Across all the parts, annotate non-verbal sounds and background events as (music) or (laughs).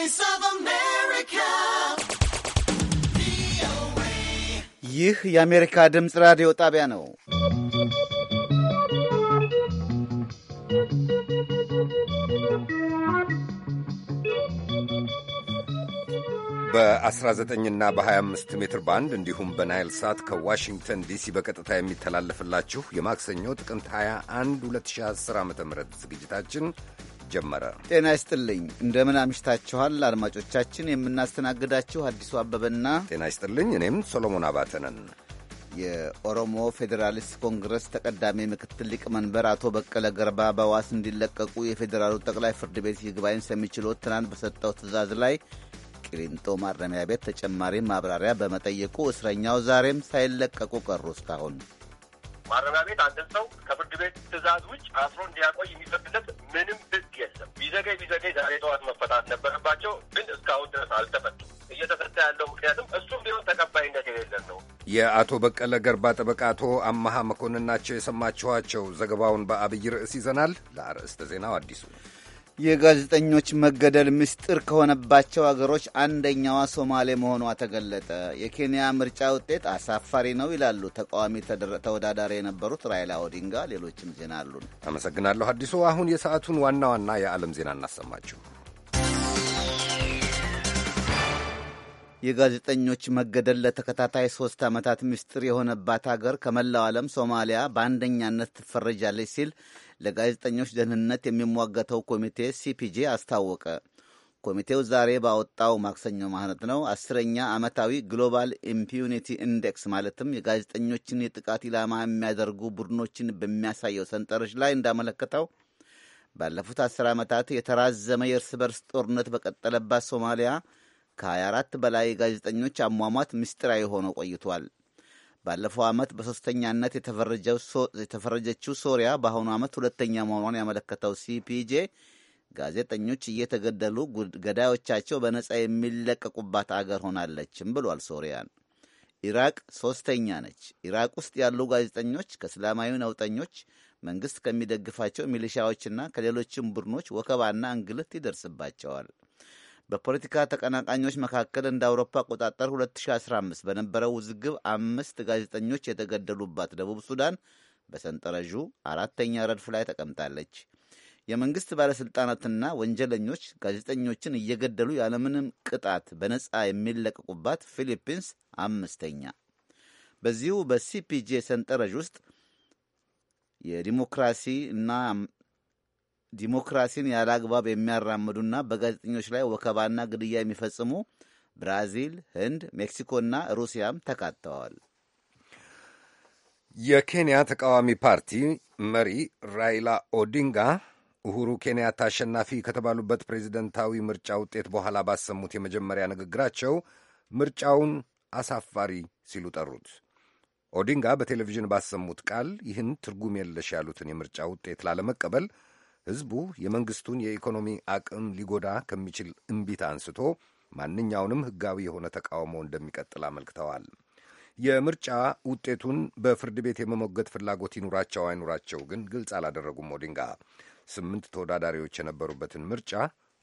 Voice ይህ የአሜሪካ ድምፅ ራዲዮ ጣቢያ ነው። በ19ና በ25 ሜትር ባንድ እንዲሁም በናይል ሳት ከዋሽንግተን ዲሲ በቀጥታ የሚተላለፍላችሁ የማክሰኞ ጥቅምት 21 2010 ዓ ም ዝግጅታችን ጀመረ። ጤና ይስጥልኝ፣ እንደምን አምሽታችኋል አድማጮቻችን። የምናስተናግዳችሁ አዲሱ አበበና ጤና ይስጥልኝ፣ እኔም ሶሎሞን አባተ ነን። የኦሮሞ ፌዴራሊስት ኮንግረስ ተቀዳሚ ምክትል ሊቀመንበር አቶ በቀለ ገርባ በዋስ እንዲለቀቁ የፌዴራሉ ጠቅላይ ፍርድ ቤት ይግባኝ ሰሚ ችሎት ትናንት በሰጠው ትዕዛዝ ላይ ቂሊንጦ ማረሚያ ቤት ተጨማሪ ማብራሪያ በመጠየቁ እስረኛው ዛሬም ሳይለቀቁ ቀሩ እስካሁን ማረሚያ ቤት አንድን ሰው ከፍርድ ቤት ትዕዛዝ ውጭ አስሮ እንዲያቆይ የሚፈቅድለት ምንም ህግ የለም። ቢዘገይ ቢዘገይ ዛሬ ጠዋት መፈታት ነበረባቸው፣ ግን እስካሁን ድረስ አልተፈቱም። እየተፈታ ያለው ምክንያቱም እሱም ቢሆን ተቀባይነት የሌለን ነው። የአቶ በቀለ ገርባ ጠበቃ አቶ አመሃ መኮንን ናቸው የሰማችኋቸው። ዘገባውን በአብይ ርዕስ ይዘናል። ለአርዕስተ ዜናው አዲሱ የጋዜጠኞች መገደል ምስጢር ከሆነባቸው አገሮች አንደኛዋ ሶማሌ መሆኗ ተገለጠ። የኬንያ ምርጫ ውጤት አሳፋሪ ነው ይላሉ ተቃዋሚ ተወዳዳሪ የነበሩት ራይላ ኦዲንጋ። ሌሎችም ዜና አሉን። አመሰግናለሁ አዲሱ። አሁን የሰዓቱን ዋና ዋና የዓለም ዜና እናሰማችሁ። የጋዜጠኞች መገደል ለተከታታይ ሶስት ዓመታት ምስጢር የሆነባት አገር ከመላው ዓለም ሶማሊያ በአንደኛነት ትፈረጃለች ሲል ለጋዜጠኞች ደህንነት የሚሟገተው ኮሚቴ ሲፒጄ አስታወቀ። ኮሚቴው ዛሬ ባወጣው ማክሰኞ ማለት ነው አስረኛ ዓመታዊ ግሎባል ኢምፒዩኒቲ ኢንዴክስ ማለትም የጋዜጠኞችን የጥቃት ኢላማ የሚያደርጉ ቡድኖችን በሚያሳየው ሰንጠረዥ ላይ እንዳመለከተው ባለፉት አስር ዓመታት የተራዘመ የእርስ በርስ ጦርነት በቀጠለባት ሶማሊያ ከ24 በላይ ጋዜጠኞች አሟሟት ምስጢራዊ ሆኖ ቆይቷል። ባለፈው ዓመት በሶስተኛነት የተፈረጀችው ሶሪያ በአሁኑ ዓመት ሁለተኛ መሆኗን ያመለከተው ሲፒጄ ጋዜጠኞች እየተገደሉ ገዳዮቻቸው በነጻ የሚለቀቁባት አገር ሆናለችም ብሏል። ሶሪያን ኢራቅ ሶስተኛ ነች። ኢራቅ ውስጥ ያሉ ጋዜጠኞች ከእስላማዊ ነውጠኞች መንግሥት ከሚደግፋቸው ሚሊሻዎችና ከሌሎችም ቡድኖች ወከባና እንግልት ይደርስባቸዋል። በፖለቲካ ተቀናቃኞች መካከል እንደ አውሮፓ አቆጣጠር 2015 በነበረው ውዝግብ አምስት ጋዜጠኞች የተገደሉባት ደቡብ ሱዳን በሰንጠረዡ አራተኛ ረድፍ ላይ ተቀምጣለች። የመንግስት ባለሥልጣናትና ወንጀለኞች ጋዜጠኞችን እየገደሉ ያለምንም ቅጣት በነፃ የሚለቀቁባት ፊሊፒንስ አምስተኛ። በዚሁ በሲፒጄ ሰንጠረዥ ውስጥ የዲሞክራሲ እና ዲሞክራሲን ያለ አግባብ የሚያራምዱና በጋዜጠኞች ላይ ወከባና ግድያ የሚፈጽሙ ብራዚል፣ ህንድ፣ ሜክሲኮና ሩሲያም ተካተዋል። የኬንያ ተቃዋሚ ፓርቲ መሪ ራይላ ኦዲንጋ ኡሁሩ ኬንያታ አሸናፊ ከተባሉበት ፕሬዚደንታዊ ምርጫ ውጤት በኋላ ባሰሙት የመጀመሪያ ንግግራቸው ምርጫውን አሳፋሪ ሲሉ ጠሩት። ኦዲንጋ በቴሌቪዥን ባሰሙት ቃል ይህን ትርጉም የለሽ ያሉትን የምርጫ ውጤት ላለመቀበል ሕዝቡ የመንግሥቱን የኢኮኖሚ አቅም ሊጎዳ ከሚችል እምቢት አንስቶ ማንኛውንም ሕጋዊ የሆነ ተቃውሞ እንደሚቀጥል አመልክተዋል። የምርጫ ውጤቱን በፍርድ ቤት የመሞገት ፍላጎት ይኑራቸው አይኑራቸው ግን ግልጽ አላደረጉም። ኦዲንጋ ስምንት ተወዳዳሪዎች የነበሩበትን ምርጫ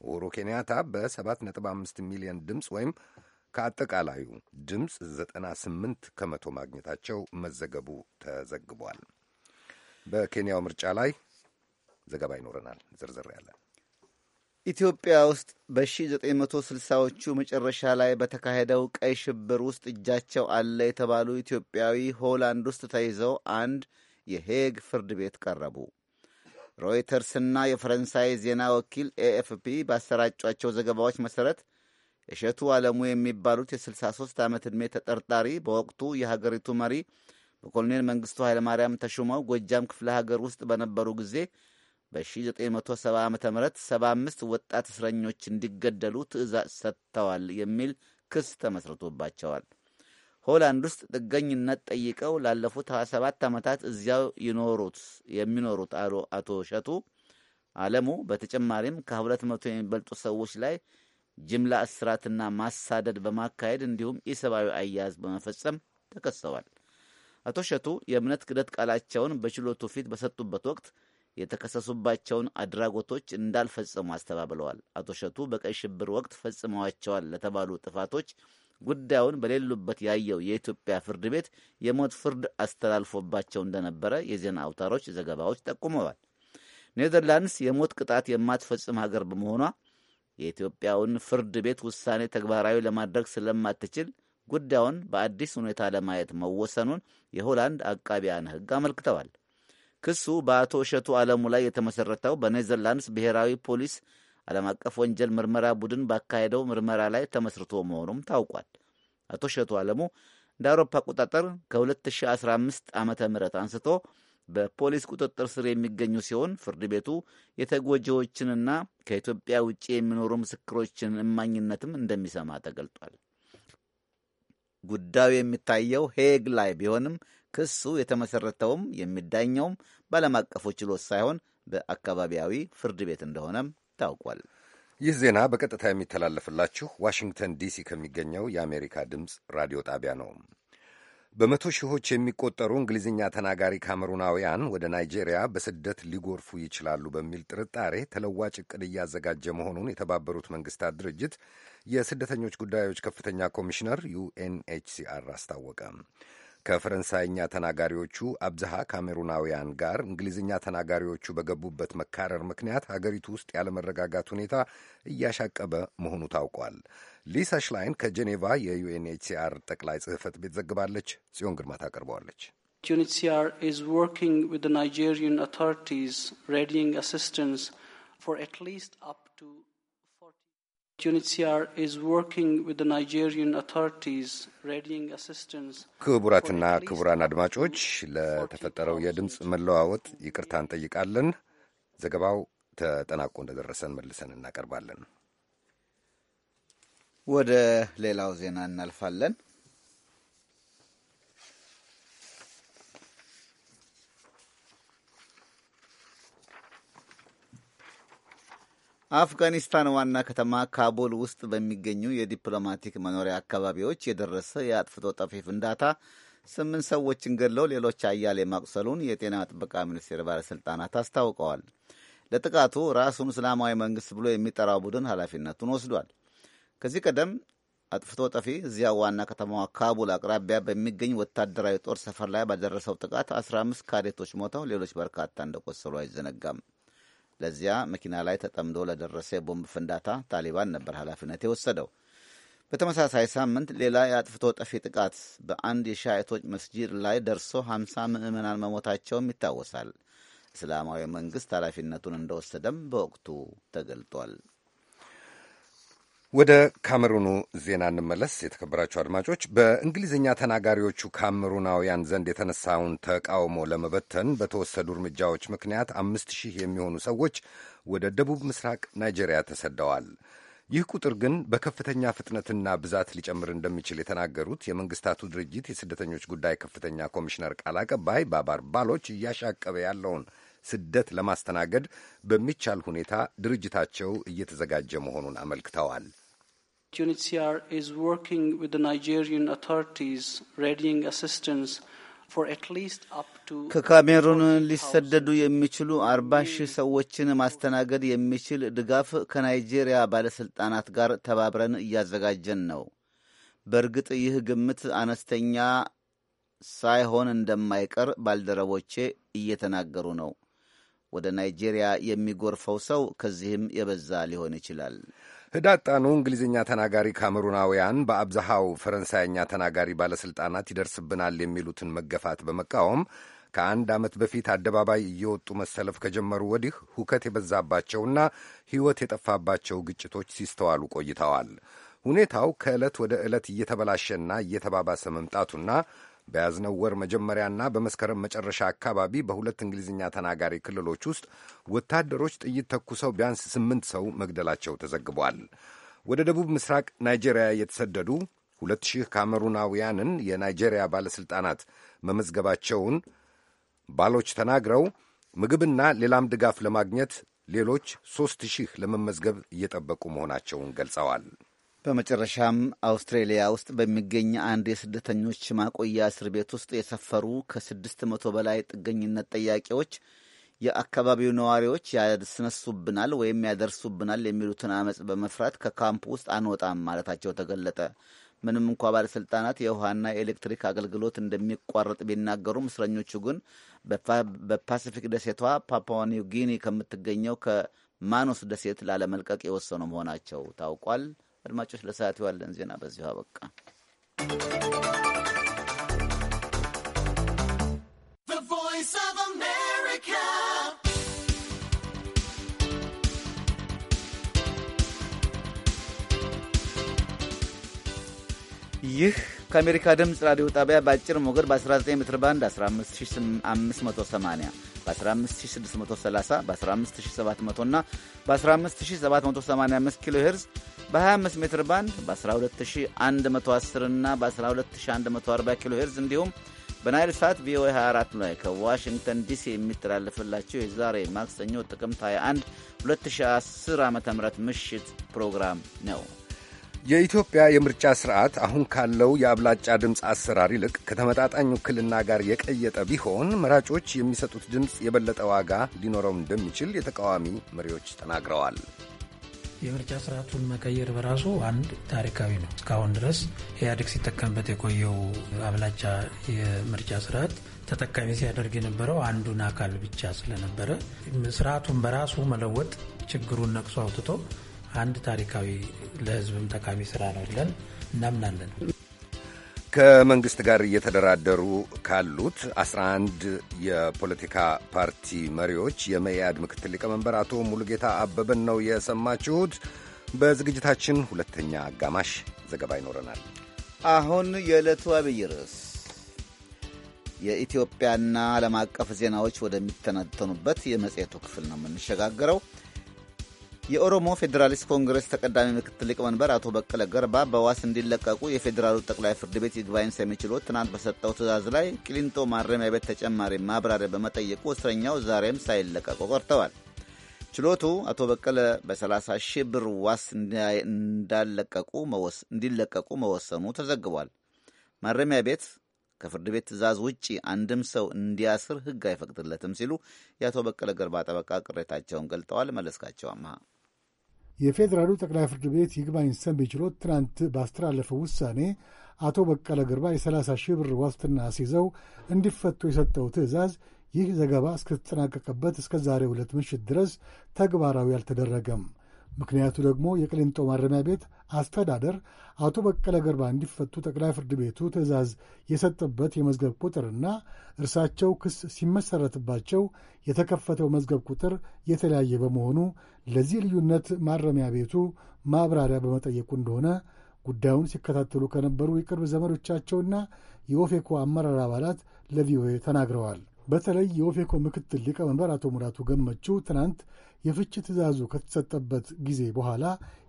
ኡሁሩ ኬንያታ በ7.5 ሚሊዮን ድምፅ ወይም ከአጠቃላዩ ድምፅ 98 ከመቶ ማግኘታቸው መዘገቡ ተዘግቧል። በኬንያው ምርጫ ላይ ዘገባ ይኖረናል ዝርዝር ያለ ኢትዮጵያ ውስጥ በ1960ዎቹ መጨረሻ ላይ በተካሄደው ቀይ ሽብር ውስጥ እጃቸው አለ የተባሉ ኢትዮጵያዊ ሆላንድ ውስጥ ተይዘው አንድ የሄግ ፍርድ ቤት ቀረቡ። ሮይተርስና የፈረንሳይ ዜና ወኪል ኤኤፍፒ ባሰራጯቸው ዘገባዎች መሠረት እሸቱ ዓለሙ የሚባሉት የ63 ዓመት ዕድሜ ተጠርጣሪ በወቅቱ የሀገሪቱ መሪ በኮሎኔል መንግሥቱ ኃይለማርያም ተሹመው ጎጃም ክፍለ ሀገር ውስጥ በነበሩ ጊዜ በ1970 ዓ ም 75 ወጣት እስረኞች እንዲገደሉ ትእዛዝ ሰጥተዋል የሚል ክስ ተመስርቶባቸዋል። ሆላንድ ውስጥ ጥገኝነት ጠይቀው ላለፉት 27 ዓመታት እዚያው ይኖሩት የሚኖሩት አቶ እሸቱ አለሙ በተጨማሪም ከ መቶ የሚበልጡ ሰዎች ላይ ጅምላ እስራትና ማሳደድ በማካሄድ እንዲሁም ኢሰብአዊ አያያዝ በመፈጸም ተከሰዋል። አቶ እሸቱ የእምነት ክደት ቃላቸውን በችሎቱ ፊት በሰጡበት ወቅት የተከሰሱባቸውን አድራጎቶች እንዳልፈጸሙ አስተባብለዋል። አቶ ሸቱ በቀይ ሽብር ወቅት ፈጽመዋቸዋል ለተባሉ ጥፋቶች ጉዳዩን በሌሉበት ያየው የኢትዮጵያ ፍርድ ቤት የሞት ፍርድ አስተላልፎባቸው እንደነበረ የዜና አውታሮች ዘገባዎች ጠቁመዋል። ኔዘርላንድስ የሞት ቅጣት የማትፈጽም ሀገር በመሆኗ የኢትዮጵያውን ፍርድ ቤት ውሳኔ ተግባራዊ ለማድረግ ስለማትችል ጉዳዩን በአዲስ ሁኔታ ለማየት መወሰኑን የሆላንድ አቃቢያን ሕግ አመልክተዋል። ክሱ በአቶ እሸቱ ዓለሙ ላይ የተመሠረተው በኔዘርላንድስ ብሔራዊ ፖሊስ ዓለም አቀፍ ወንጀል ምርመራ ቡድን ባካሄደው ምርመራ ላይ ተመስርቶ መሆኑም ታውቋል። አቶ እሸቱ አለሙ እንደ አውሮፓ አቆጣጠር ከ2015 ዓ ም አንስቶ በፖሊስ ቁጥጥር ስር የሚገኙ ሲሆን ፍርድ ቤቱ የተጎጂዎችንና ከኢትዮጵያ ውጭ የሚኖሩ ምስክሮችን እማኝነትም እንደሚሰማ ተገልጧል። ጉዳዩ የሚታየው ሄግ ላይ ቢሆንም ክሱ የተመሰረተውም የሚዳኘውም በዓለም አቀፉ ችሎት ሳይሆን በአካባቢያዊ ፍርድ ቤት እንደሆነም ታውቋል። ይህ ዜና በቀጥታ የሚተላለፍላችሁ ዋሽንግተን ዲሲ ከሚገኘው የአሜሪካ ድምፅ ራዲዮ ጣቢያ ነው። በመቶ ሺዎች የሚቆጠሩ እንግሊዝኛ ተናጋሪ ካሜሩናውያን ወደ ናይጄሪያ በስደት ሊጎርፉ ይችላሉ በሚል ጥርጣሬ ተለዋጭ ዕቅድ እያዘጋጀ መሆኑን የተባበሩት መንግስታት ድርጅት የስደተኞች ጉዳዮች ከፍተኛ ኮሚሽነር ዩኤንኤችሲአር አስታወቀ። ከፈረንሳይኛ ተናጋሪዎቹ አብዝሃ ካሜሩናውያን ጋር እንግሊዝኛ ተናጋሪዎቹ በገቡበት መካረር ምክንያት ሀገሪቱ ውስጥ ያለመረጋጋት ሁኔታ እያሻቀበ መሆኑ ታውቋል። ሊሳ ሽላይን ከጄኔቫ የዩኤንኤችሲአር ጠቅላይ ጽህፈት ቤት ዘግባለች። ጽዮን ግርማ ታቀርበዋለች። UNHCR is working with the Nigerian ሬዲንግ አሲስታንስ ፎር for at ክቡራትና ክቡራን አድማጮች ለተፈጠረው የድምፅ መለዋወጥ ይቅርታ እንጠይቃለን። ዘገባው ተጠናቆ እንደደረሰን መልሰን እናቀርባለን። ወደ ሌላው ዜና እናልፋለን። አፍጋኒስታን ዋና ከተማ ካቡል ውስጥ በሚገኙ የዲፕሎማቲክ መኖሪያ አካባቢዎች የደረሰ የአጥፍቶ ጠፊ ፍንዳታ ስምንት ሰዎችን ገድለው ሌሎች አያሌ ማቁሰሉን የጤና ጥበቃ ሚኒስቴር ባለሥልጣናት አስታውቀዋል። ለጥቃቱ ራሱን እስላማዊ መንግሥት ብሎ የሚጠራው ቡድን ኃላፊነቱን ወስዷል። ከዚህ ቀደም አጥፍቶ ጠፊ እዚያ ዋና ከተማዋ ካቡል አቅራቢያ በሚገኝ ወታደራዊ ጦር ሰፈር ላይ ባደረሰው ጥቃት 15 ካዴቶች ሞተው ሌሎች በርካታ እንደቆሰሉ አይዘነጋም። ለዚያ መኪና ላይ ተጠምዶ ለደረሰ የቦምብ ፍንዳታ ታሊባን ነበር ኃላፊነት የወሰደው። በተመሳሳይ ሳምንት ሌላ የአጥፍቶ ጠፊ ጥቃት በአንድ የሻይቶች መስጂድ ላይ ደርሶ 50 ምዕመናን መሞታቸውም ይታወሳል። እስላማዊ መንግሥት ኃላፊነቱን እንደወሰደም በወቅቱ ተገልጧል። ወደ ካሜሩኑ ዜና እንመለስ። የተከበራቸው አድማጮች፣ በእንግሊዝኛ ተናጋሪዎቹ ካሜሩናውያን ዘንድ የተነሳውን ተቃውሞ ለመበተን በተወሰዱ እርምጃዎች ምክንያት አምስት ሺህ የሚሆኑ ሰዎች ወደ ደቡብ ምስራቅ ናይጄሪያ ተሰደዋል። ይህ ቁጥር ግን በከፍተኛ ፍጥነትና ብዛት ሊጨምር እንደሚችል የተናገሩት የመንግስታቱ ድርጅት የስደተኞች ጉዳይ ከፍተኛ ኮሚሽነር ቃል አቀባይ ባባር ባሎች እያሻቀበ ያለውን ስደት ለማስተናገድ በሚቻል ሁኔታ ድርጅታቸው እየተዘጋጀ መሆኑን አመልክተዋል። ዩኒሲር ኢዝ ወርኪንግ ዊዝ ናይጄሪያን አውቶሪቲስ ሬዲንግ አሲስታንስ ከካሜሩን ሊሰደዱ የሚችሉ አርባ ሺህ ሰዎችን ማስተናገድ የሚችል ድጋፍ ከናይጄሪያ ባለሥልጣናት ጋር ተባብረን እያዘጋጀን ነው። በእርግጥ ይህ ግምት አነስተኛ ሳይሆን እንደማይቀር ባልደረቦቼ እየተናገሩ ነው። ወደ ናይጄሪያ የሚጎርፈው ሰው ከዚህም የበዛ ሊሆን ይችላል። ህዳጣኑ እንግሊዝኛ ተናጋሪ ካሜሩናውያን በአብዛሃው ፈረንሳይኛ ተናጋሪ ባለሥልጣናት ይደርስብናል የሚሉትን መገፋት በመቃወም ከአንድ ዓመት በፊት አደባባይ እየወጡ መሰለፍ ከጀመሩ ወዲህ ሁከት የበዛባቸውና ሕይወት የጠፋባቸው ግጭቶች ሲስተዋሉ ቆይተዋል። ሁኔታው ከዕለት ወደ ዕለት እየተበላሸና እየተባባሰ መምጣቱና በያዝነው ወር መጀመሪያና በመስከረም መጨረሻ አካባቢ በሁለት እንግሊዝኛ ተናጋሪ ክልሎች ውስጥ ወታደሮች ጥይት ተኩሰው ቢያንስ ስምንት ሰው መግደላቸው ተዘግቧል። ወደ ደቡብ ምስራቅ ናይጄሪያ የተሰደዱ ሁለት ሺህ ካሜሩናውያንን የናይጄሪያ ባለሥልጣናት መመዝገባቸውን ባሎች ተናግረው ምግብና ሌላም ድጋፍ ለማግኘት ሌሎች ሦስት ሺህ ለመመዝገብ እየጠበቁ መሆናቸውን ገልጸዋል። በመጨረሻም አውስትሬሊያ ውስጥ በሚገኝ አንድ የስደተኞች ማቆያ እስር ቤት ውስጥ የሰፈሩ ከስድስት መቶ በላይ ጥገኝነት ጠያቂዎች የአካባቢው ነዋሪዎች ያስነሱብናል ወይም ያደርሱብናል የሚሉትን አመፅ በመፍራት ከካምፕ ውስጥ አንወጣም ማለታቸው ተገለጠ። ምንም እንኳ ባለሥልጣናት የውሃና የኤሌክትሪክ አገልግሎት እንደሚቋረጥ ቢናገሩም እስረኞቹ ግን በፓሲፊክ ደሴቷ ፓፑዋኒው ጊኒ ከምትገኘው ከማኖስ ደሴት ላለመልቀቅ የወሰኑ መሆናቸው ታውቋል። አድማጮች፣ ለሰዓት ዋለን ዜና በዚሁ አበቃ። ይህ ከአሜሪካ ድምፅ ራዲዮ ጣቢያ በአጭር ሞገድ በ19 ሜትር ባንድ 15580 በ15630 በ15700 እና በ15785 ኪሎ ሄርዝ በ25 ሜትር ባንድ በ12110 እና በ12140 ኪሎ ሄርዝ እንዲሁም በናይል ሳት ቪኦኤ 24 ላይ ከዋሽንግተን ዲሲ የሚተላለፍላቸው የዛሬ ማክሰኞ ጥቅምት 21 2010 ዓ ም ምሽት ፕሮግራም ነው። የኢትዮጵያ የምርጫ ስርዓት አሁን ካለው የአብላጫ ድምፅ አሰራር ይልቅ ከተመጣጣኝ ውክልና ጋር የቀየጠ ቢሆን መራጮች የሚሰጡት ድምፅ የበለጠ ዋጋ ሊኖረው እንደሚችል የተቃዋሚ መሪዎች ተናግረዋል። የምርጫ ስርዓቱን መቀየር በራሱ አንድ ታሪካዊ ነው። እስካሁን ድረስ ኢህአዴግ ሲጠቀምበት የቆየው አብላጫ የምርጫ ስርዓት ተጠቃሚ ሲያደርግ የነበረው አንዱን አካል ብቻ ስለነበረ ስርዓቱን በራሱ መለወጥ ችግሩን ነቅሶ አውጥቶ አንድ ታሪካዊ ለህዝብም ጠቃሚ ስራ ነው ብለን እናምናለን። ከመንግስት ጋር እየተደራደሩ ካሉት 11 የፖለቲካ ፓርቲ መሪዎች የመኢአድ ምክትል ሊቀመንበር አቶ ሙሉጌታ አበበን ነው የሰማችሁት። በዝግጅታችን ሁለተኛ አጋማሽ ዘገባ ይኖረናል። አሁን የዕለቱ አብይ ርዕስ የኢትዮጵያና ዓለም አቀፍ ዜናዎች ወደሚተነተኑበት የመጽሔቱ ክፍል ነው የምንሸጋገረው። የኦሮሞ ፌዴራሊስት ኮንግረስ ተቀዳሚ ምክትል ሊቀመንበር አቶ በቀለ ገርባ በዋስ እንዲለቀቁ የፌዴራሉ ጠቅላይ ፍርድ ቤት ይግባኝ ሰሚ ችሎት ትናንት በሰጠው ትዕዛዝ ላይ ቅሊንጦ ማረሚያ ቤት ተጨማሪ ማብራሪያ በመጠየቁ እስረኛው ዛሬም ሳይለቀቁ ቆርተዋል። ችሎቱ አቶ በቀለ በ30 ሺህ ብር ዋስ እንዲለቀቁ መወሰኑ ተዘግቧል። ማረሚያ ቤት ከፍርድ ቤት ትዕዛዝ ውጪ አንድም ሰው እንዲያስር ሕግ አይፈቅድለትም ሲሉ የአቶ በቀለ ገርባ ጠበቃ ቅሬታቸውን ገልጠዋል። መለስካቸው አመሃ የፌዴራሉ ጠቅላይ ፍርድ ቤት ይግባኝ ሰሚ ችሎት ትናንት ባስተላለፈው ውሳኔ አቶ በቀለ ግርባ የ30 ሺህ ብር ዋስትና አስይዘው እንዲፈቱ የሰጠው ትዕዛዝ ይህ ዘገባ እስከተጠናቀቀበት እስከ ዛሬ ሁለት ምሽት ድረስ ተግባራዊ አልተደረገም። ምክንያቱ ደግሞ የቅሊንጦ ማረሚያ ቤት አስተዳደር አቶ በቀለ ገርባ እንዲፈቱ ጠቅላይ ፍርድ ቤቱ ትዕዛዝ የሰጠበት የመዝገብ ቁጥርና እርሳቸው ክስ ሲመሰረትባቸው የተከፈተው መዝገብ ቁጥር የተለያየ በመሆኑ ለዚህ ልዩነት ማረሚያ ቤቱ ማብራሪያ በመጠየቁ እንደሆነ ጉዳዩን ሲከታተሉ ከነበሩ የቅርብ ዘመዶቻቸውና የኦፌኮ አመራር አባላት ለቪኦኤ ተናግረዋል። በተለይ የኦፌኮ ምክትል ሊቀመንበር አቶ ሙራቱ ገመቹ ትናንት የፍቺ ትዕዛዙ ከተሰጠበት ጊዜ በኋላ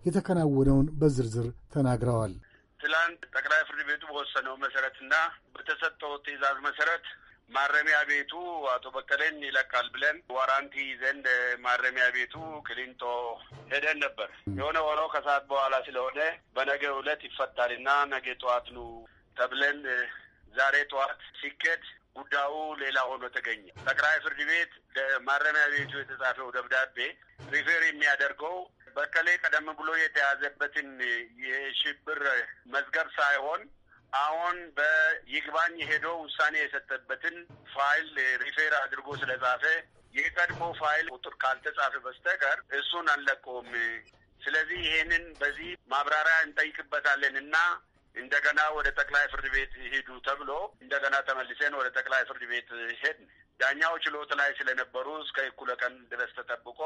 የተከናወነውን በዝርዝር ተናግረዋል። ትላንት ጠቅላይ ፍርድ ቤቱ በወሰነው መሰረትና በተሰጠው ትዕዛዝ መሰረት ማረሚያ ቤቱ አቶ በቀለን ይለቃል ብለን ዋራንቲ ይዘን ማረሚያ ቤቱ ክሊንቶ ሄደን ነበር። የሆነ ሆኖ ከሰዓት በኋላ ስለሆነ በነገ ዕለት ይፈታልና ነገ ጠዋት ኑ ተብለን ዛሬ ጠዋት ሲኬድ ጉዳዩ ሌላ ሆኖ ተገኘ። ጠቅላይ ፍርድ ቤት ለማረሚያ ቤቱ የተጻፈው ደብዳቤ ሪፌር የሚያደርገው በከሌ ቀደም ብሎ የተያዘበትን የሽብር መዝገብ ሳይሆን አሁን በይግባኝ ሄዶ ውሳኔ የሰጠበትን ፋይል ሪፌር አድርጎ ስለጻፈ የቀድሞ ፋይል ቁጥር ካልተጻፈ በስተቀር እሱን አንለቀውም። ስለዚህ ይሄንን በዚህ ማብራሪያ እንጠይቅበታለን እና እንደገና ወደ ጠቅላይ ፍርድ ቤት ሂዱ ተብሎ እንደገና ተመልሰን ወደ ጠቅላይ ፍርድ ቤት ሄድን። ዳኛው ችሎት ላይ ስለነበሩ እስከ እኩለ ቀን ድረስ ተጠብቆ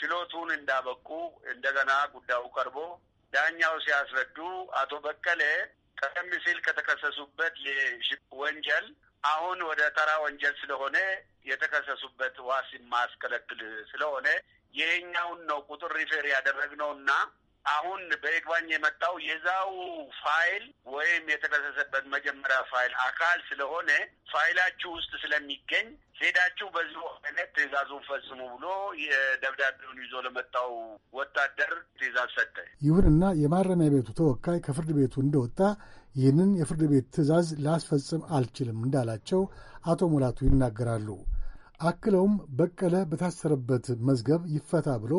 ችሎቱን እንዳበቁ እንደገና ጉዳዩ ቀርቦ ዳኛው ሲያስረዱ አቶ በቀሌ ቀደም ሲል ከተከሰሱበት ወንጀል አሁን ወደ ተራ ወንጀል ስለሆነ የተከሰሱበት ዋስ የማያስከለክል ስለሆነ ይህኛውን ነው ቁጥር ሪፌር ያደረግነውና አሁን በይግባኝ የመጣው የዛው ፋይል ወይም የተከሰሰበት መጀመሪያ ፋይል አካል ስለሆነ ፋይላችሁ ውስጥ ስለሚገኝ ሄዳችሁ በዚሁ አይነት ትእዛዙን ፈጽሙ ብሎ የደብዳቤውን ይዞ ለመጣው ወታደር ትእዛዝ ሰጠ። ይሁንና የማረሚያ ቤቱ ተወካይ ከፍርድ ቤቱ እንደወጣ ይህንን የፍርድ ቤት ትዕዛዝ ላስፈጽም አልችልም እንዳላቸው አቶ ሙላቱ ይናገራሉ። አክለውም በቀለ በታሰረበት መዝገብ ይፈታ ብሎ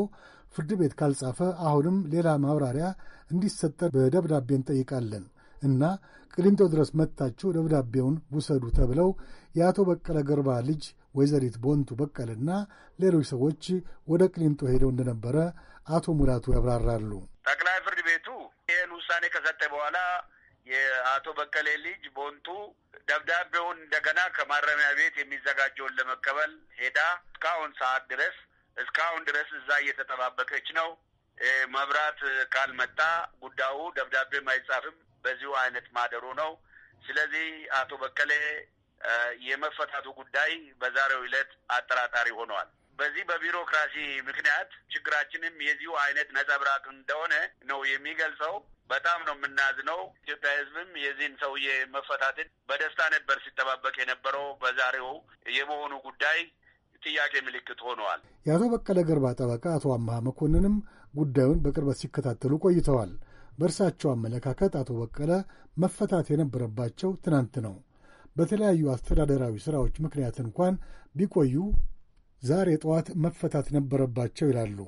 ፍርድ ቤት ካልጻፈ አሁንም ሌላ ማብራሪያ እንዲሰጠ በደብዳቤ እንጠይቃለን እና ቅሊንጦ ድረስ መጥታችሁ ደብዳቤውን ውሰዱ ተብለው የአቶ በቀለ ገርባ ልጅ ወይዘሪት ቦንቱ በቀልና ሌሎች ሰዎች ወደ ቅሊንጦ ሄደው እንደነበረ አቶ ሙላቱ ያብራራሉ። ጠቅላይ ፍርድ ቤቱ ይህን ውሳኔ ከሰጠ በኋላ የአቶ በቀሌ ልጅ ቦንቱ ደብዳቤውን እንደገና ከማረሚያ ቤት የሚዘጋጀውን ለመቀበል ሄዳ እስካሁን ሰዓት ድረስ እስካሁን ድረስ እዛ እየተጠባበቀች ነው። መብራት ካልመጣ ጉዳዩ ደብዳቤም አይጻፍም። በዚሁ አይነት ማደሩ ነው። ስለዚህ አቶ በቀለ የመፈታቱ ጉዳይ በዛሬው ዕለት አጠራጣሪ ሆነዋል። በዚህ በቢሮክራሲ ምክንያት ችግራችንም የዚሁ አይነት ነጸብራቅ እንደሆነ ነው የሚገልጸው። በጣም ነው የምናዝነው። ኢትዮጵያ ሕዝብም የዚህን ሰውዬ መፈታትን በደስታ ነበር ሲጠባበቅ የነበረው። በዛሬው የመሆኑ ጉዳይ ጥያቄ ምልክት ሆነዋል። የአቶ በቀለ ገርባ ጠበቃ አቶ አምሃ መኮንንም ጉዳዩን በቅርበት ሲከታተሉ ቆይተዋል። በእርሳቸው አመለካከት አቶ በቀለ መፈታት የነበረባቸው ትናንት ነው። በተለያዩ አስተዳደራዊ ስራዎች ምክንያት እንኳን ቢቆዩ ዛሬ ጠዋት መፈታት ነበረባቸው ይላሉ።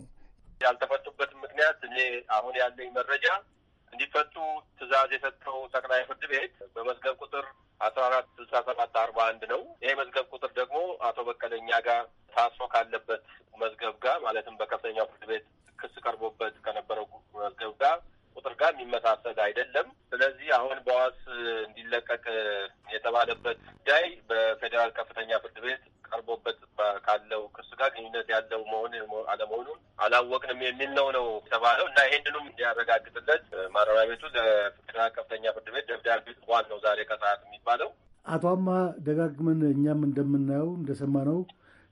ያልተፈቱበት ምክንያት እኔ አሁን ያለኝ መረጃ እንዲፈቱ ትዕዛዝ የሰጠው ጠቅላይ ፍርድ ቤት በመዝገብ ቁጥር አስራ አራት ስልሳ ሰባት አርባ አንድ ነው። ይሄ መዝገብ ቁጥር ደግሞ አቶ በቀለኛ ጋር ታስሮ ካለበት መዝገብ ጋር ማለትም በከፍተኛው ፍርድ ቤት ክስ ቀርቦበት ከነበረው መዝገብ ጋር ቁጥር ጋር የሚመሳሰል አይደለም። ስለዚህ አሁን በዋስ እንዲለቀቅ የተባለበት ጉዳይ በፌዴራል ከፍተኛ ፍርድ ቤት ቀርቦበት ካለው ክሱ ጋር ግንኙነት ያለው መሆን አለመሆኑን አላወቅንም የሚል ነው ነው የተባለው እና ይህንንም እንዲያረጋግጥለት ማረሚያ ቤቱ ለፌዴራል ከፍተኛ ፍርድ ቤት ደብዳቤ ጽፏል ነው ዛሬ ከሰዓት የሚባለው። አቶ አማ ደጋግመን እኛም እንደምናየው እንደሰማነው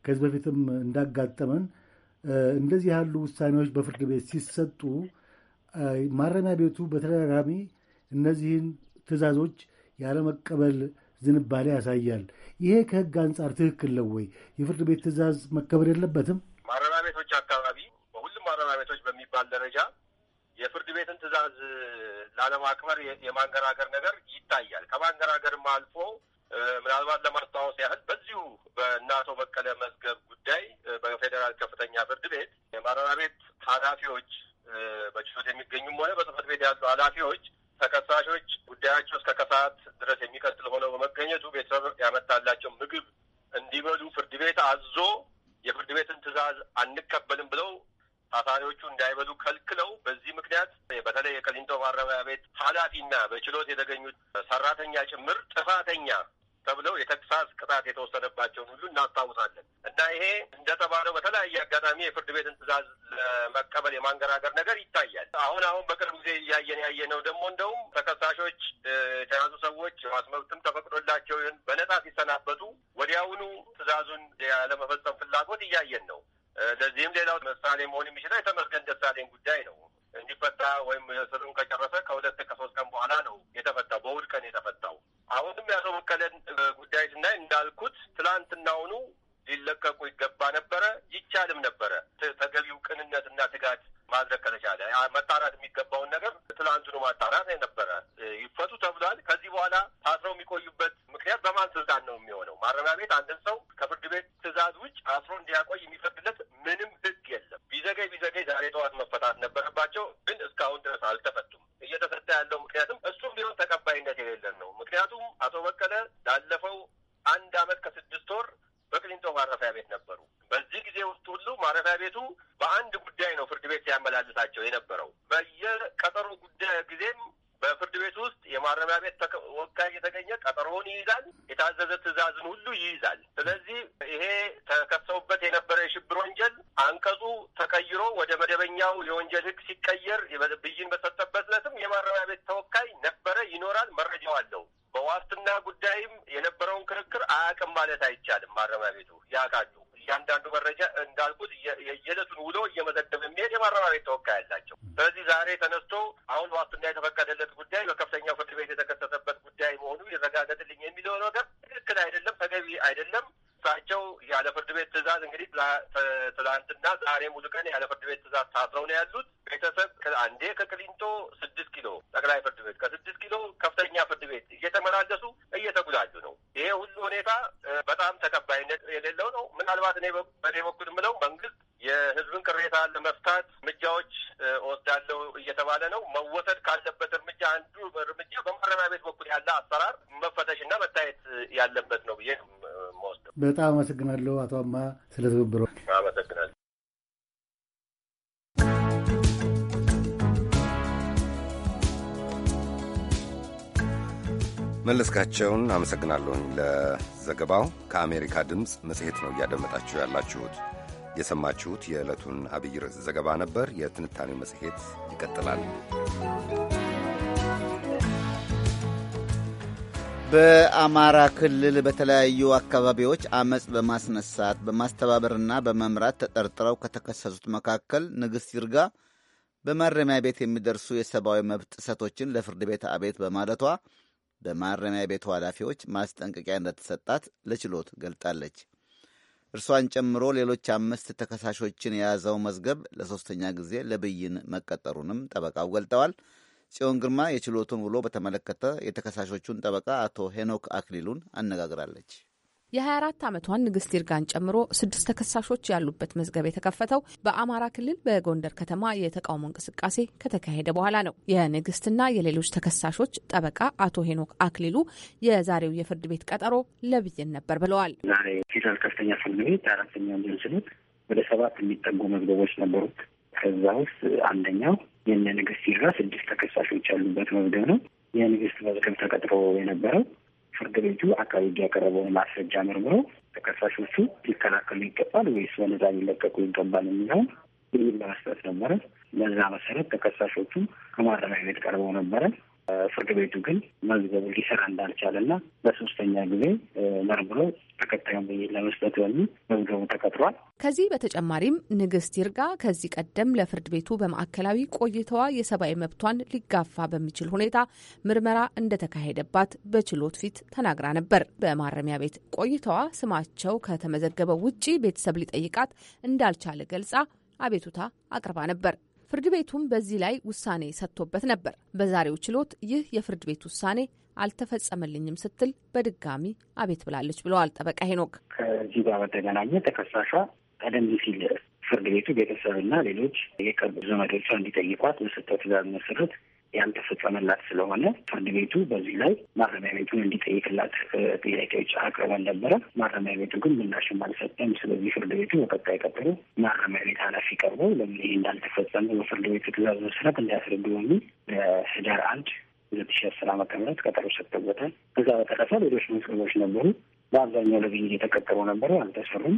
ከዚህ በፊትም እንዳጋጠመን እንደዚህ ያሉ ውሳኔዎች በፍርድ ቤት ሲሰጡ ማረሚያ ቤቱ በተደጋጋሚ እነዚህን ትዕዛዞች ያለመቀበል ዝንባሌ ያሳያል። ይሄ ከህግ አንጻር ትክክል ነው ወይ? የፍርድ ቤት ትዕዛዝ መከበር የለበትም? ማረሚያ ቤቶች አካባቢ በሁሉም ማረሚያ ቤቶች በሚባል ደረጃ የፍርድ ቤትን ትዕዛዝ ላለማክበር የማንገራገር ነገር ይታያል። ከማንገራገርም አልፎ ምናልባት ለማስታወስ ያህል በዚሁ በእነ አቶ በቀለ መዝገብ ጉዳይ በፌዴራል ከፍተኛ ፍርድ ቤት የማረሚያ ቤት ኃላፊዎች በችሎት የሚገኙም ሆነ በጽህፈት ቤት ያሉ ኃላፊዎች ተከሳሾች ጉዳያቸው እስከ ከሰዓት ድረስ የሚቀጥል ሆነው በመገኘቱ ቤተሰብ ያመጣላቸው ምግብ እንዲበሉ ፍርድ ቤት አዞ የፍርድ ቤትን ትዕዛዝ አንቀበልም ብለው ታሳሪዎቹ እንዳይበሉ ከልክለው በዚህ ምክንያት በተለይ የቀሊንጦ ማረሚያ ቤት ኃላፊና በችሎት የተገኙት ሰራተኛ ጭምር ጥፋተኛ ተብለው የተግሳጽ ቅጣት የተወሰደባቸውን ሁሉ እናስታውሳለን እና ይሄ እንደተባለው በተለያየ አጋጣሚ የፍርድ ቤትን ትዕዛዝ ለመቀበል የማንገራገር ነገር ይታያል። አሁን አሁን በቅርብ ጊዜ እያየን ያየ ነው ደግሞ እንደውም ተከሳሾች የተያዙ ሰዎች የዋስ መብትም ተፈቅዶላቸው ይሁን በነጻ ሲሰናበቱ ወዲያውኑ ትዕዛዙን ያለመፈጸም ፍላጎት እያየን ነው። ለዚህም ሌላው ምሳሌ መሆን የሚችለው የተመስገን ደሳለኝ ጉዳይ ነው። እንዲፈታ ወይም ስሩን ከጨረሰ ከሁለት ከሶስት ቀን በኋላ ነው የተፈታው። በውድ ቀን የተፈታው። አሁንም የአቶ በቀለን ጉዳይ ስናይ እንዳልኩት ትላንትናውኑ ሊለቀቁ ይገባ ነበረ፣ ይቻልም ነበረ። ተገቢው ቅንነት እና ትጋት ማድረግ ከተቻለ መጣራት የሚገባውን ነገር ትላንትኑ ማጣራት ነበረ። ይፈቱ ተብሏል። ከዚህ በኋላ ታስረው የሚቆዩበት ምክንያት በማን ስልጣን ነው የሚሆነው? ማረሚያ ቤት አንድን ሰው ከፍርድ ቤት ትዕዛዝ ውጭ አስሮ እንዲያቆይ የሚፈቅድለት ምንም ሕግ የለም። ቢዘገይ ቢዘገይ ዛሬ ጠዋት መፈታት ነበረባቸው፣ ግን እስካሁን ድረስ አልተፈቱም። እየተፈታ ያለው ምክንያት አመሰግናለሁ አቶ አማ ስለ ትብብሮ። አመሰግናለሁ። መለስካቸውን አመሰግናለሁኝ ለዘገባው። ከአሜሪካ ድምፅ መጽሔት ነው እያደመጣችሁ ያላችሁት። የሰማችሁት የዕለቱን አብይ ርዕስ ዘገባ ነበር። የትንታኔው መጽሔት ይቀጥላል። በአማራ ክልል በተለያዩ አካባቢዎች አመፅ በማስነሳት በማስተባበርና በመምራት ተጠርጥረው ከተከሰሱት መካከል ንግሥት ይርጋ በማረሚያ ቤት የሚደርሱ የሰብአዊ መብት ጥሰቶችን ለፍርድ ቤት አቤት በማለቷ በማረሚያ ቤቱ ኃላፊዎች ማስጠንቀቂያ እንደተሰጣት ለችሎት ገልጣለች። እርሷን ጨምሮ ሌሎች አምስት ተከሳሾችን የያዘው መዝገብ ለሦስተኛ ጊዜ ለብይን መቀጠሩንም ጠበቃው ገልጠዋል። ጽዮን ግርማ የችሎቱን ውሎ በተመለከተ የተከሳሾቹን ጠበቃ አቶ ሄኖክ አክሊሉን አነጋግራለች። የ24 ዓመቷን ንግስት ይርጋን ጨምሮ ስድስት ተከሳሾች ያሉበት መዝገብ የተከፈተው በአማራ ክልል በጎንደር ከተማ የተቃውሞ እንቅስቃሴ ከተካሄደ በኋላ ነው። የንግስትና የሌሎች ተከሳሾች ጠበቃ አቶ ሄኖክ አክሊሉ የዛሬው የፍርድ ቤት ቀጠሮ ለብይን ነበር ብለዋል። ዛሬ ፌዴራል ከፍተኛ ፍርድ ቤት አራተኛ ወንጀል ችሎት ወደ ሰባት የሚጠጉ መዝገቦች ነበሩት። ከዛ ውስጥ አንደኛው የእነ ንግስት ይርራ ስድስት ተከሳሾች ያሉበት መዝገብ ነው። የንግስት መዝገብ ተቀጥሮ የነበረው ፍርድ ቤቱ አቃቤ ሕግ ያቀረበውን ማስረጃ መርምሮ ተከሳሾቹ ሊከላከሉ ይገባል ወይስ በነፃ ሊለቀቁ ይገባል የሚለውን ብይን ለመስጠት ነበረ። በዛ መሰረት ተከሳሾቹ ከማረሚያ ቤት ቀርበው ነበረ። ፍርድ ቤቱ ግን መዝገቡ ሊሰራ እንዳልቻለና ለሶስተኛ ጊዜ መርምሮ ተከታዩን ብይን ለመስጠት በሚል መዝገቡ ተቀጥሯል። ከዚህ በተጨማሪም ንግስት ይርጋ ከዚህ ቀደም ለፍርድ ቤቱ በማዕከላዊ ቆይታዋ የሰብአዊ መብቷን ሊጋፋ በሚችል ሁኔታ ምርመራ እንደተካሄደባት በችሎት ፊት ተናግራ ነበር። በማረሚያ ቤት ቆይታዋ ስማቸው ከተመዘገበው ውጪ ቤተሰብ ሊጠይቃት እንዳልቻለ ገልጻ አቤቱታ አቅርባ ነበር። ፍርድ ቤቱም በዚህ ላይ ውሳኔ ሰጥቶበት ነበር። በዛሬው ችሎት ይህ የፍርድ ቤት ውሳኔ አልተፈጸመልኝም ስትል በድጋሚ አቤት ብላለች ብለዋል ጠበቃ ሄኖክ። ከዚህ ጋር በተገናኘ ተከሳሿ ቀደም ሲል ፍርድ ቤቱ ቤተሰብና ሌሎች የቅርብ ዘመዶቿ እንዲጠይቋት በሰጠው ትዕዛዝ መሰረት ያልተፈጸመላት ስለሆነ ፍርድ ቤቱ በዚህ ላይ ማረሚያ ቤቱን እንዲጠይቅላት ጥያቄዎች አቅርበን ነበረ። ማረሚያ ቤቱ ግን ምላሽም አልሰጠም። ስለዚህ ፍርድ ቤቱ በቀጣይ ቀጠሮ ማረሚያ ቤት ኃላፊ ቀርቦ ለምን ይሄ እንዳልተፈጸመ በፍርድ ቤቱ ትእዛዝ መሰረት እንዲያስረዱ በሚል ለህዳር አንድ ሁለት ሺ አስር ዓመተ ምህረት ቀጠሮ ሰጥቶበታል። ከዛ በተረፈ ሌሎች መዝገቦች ነበሩ። በአብዛኛው ለብይን እየተቀጠሩ ነበሩ፣ አልተሰሩም።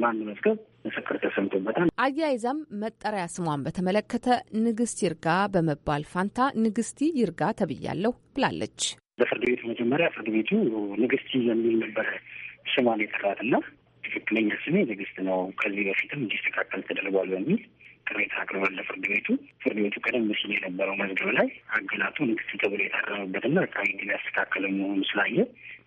በአንድ መዝገብ ምስክር ተሰምቶበታል። አያይዛም መጠሪያ ስሟን በተመለከተ ንግስት ይርጋ በመባል ፋንታ ንግስቲ ይርጋ ተብያለሁ ብላለች። በፍርድ ቤቱ መጀመሪያ ፍርድ ቤቱ ንግስቲ የሚል ነበር ስሟን የጠራት ትክክለኛ ስሜ ንግስት ነው፣ ከዚህ በፊትም እንዲስተካከል ተደርጓል በሚል ቅሬታ አቅርበን ለፍርድ ቤቱ ፍርድ ቤቱ ቀደም ሲል የነበረው መዝገብ ላይ አገላቱ ንግስት ተብሎ የታረመበትና አካባቢ እንዲያስተካከለ መሆኑ ስላየ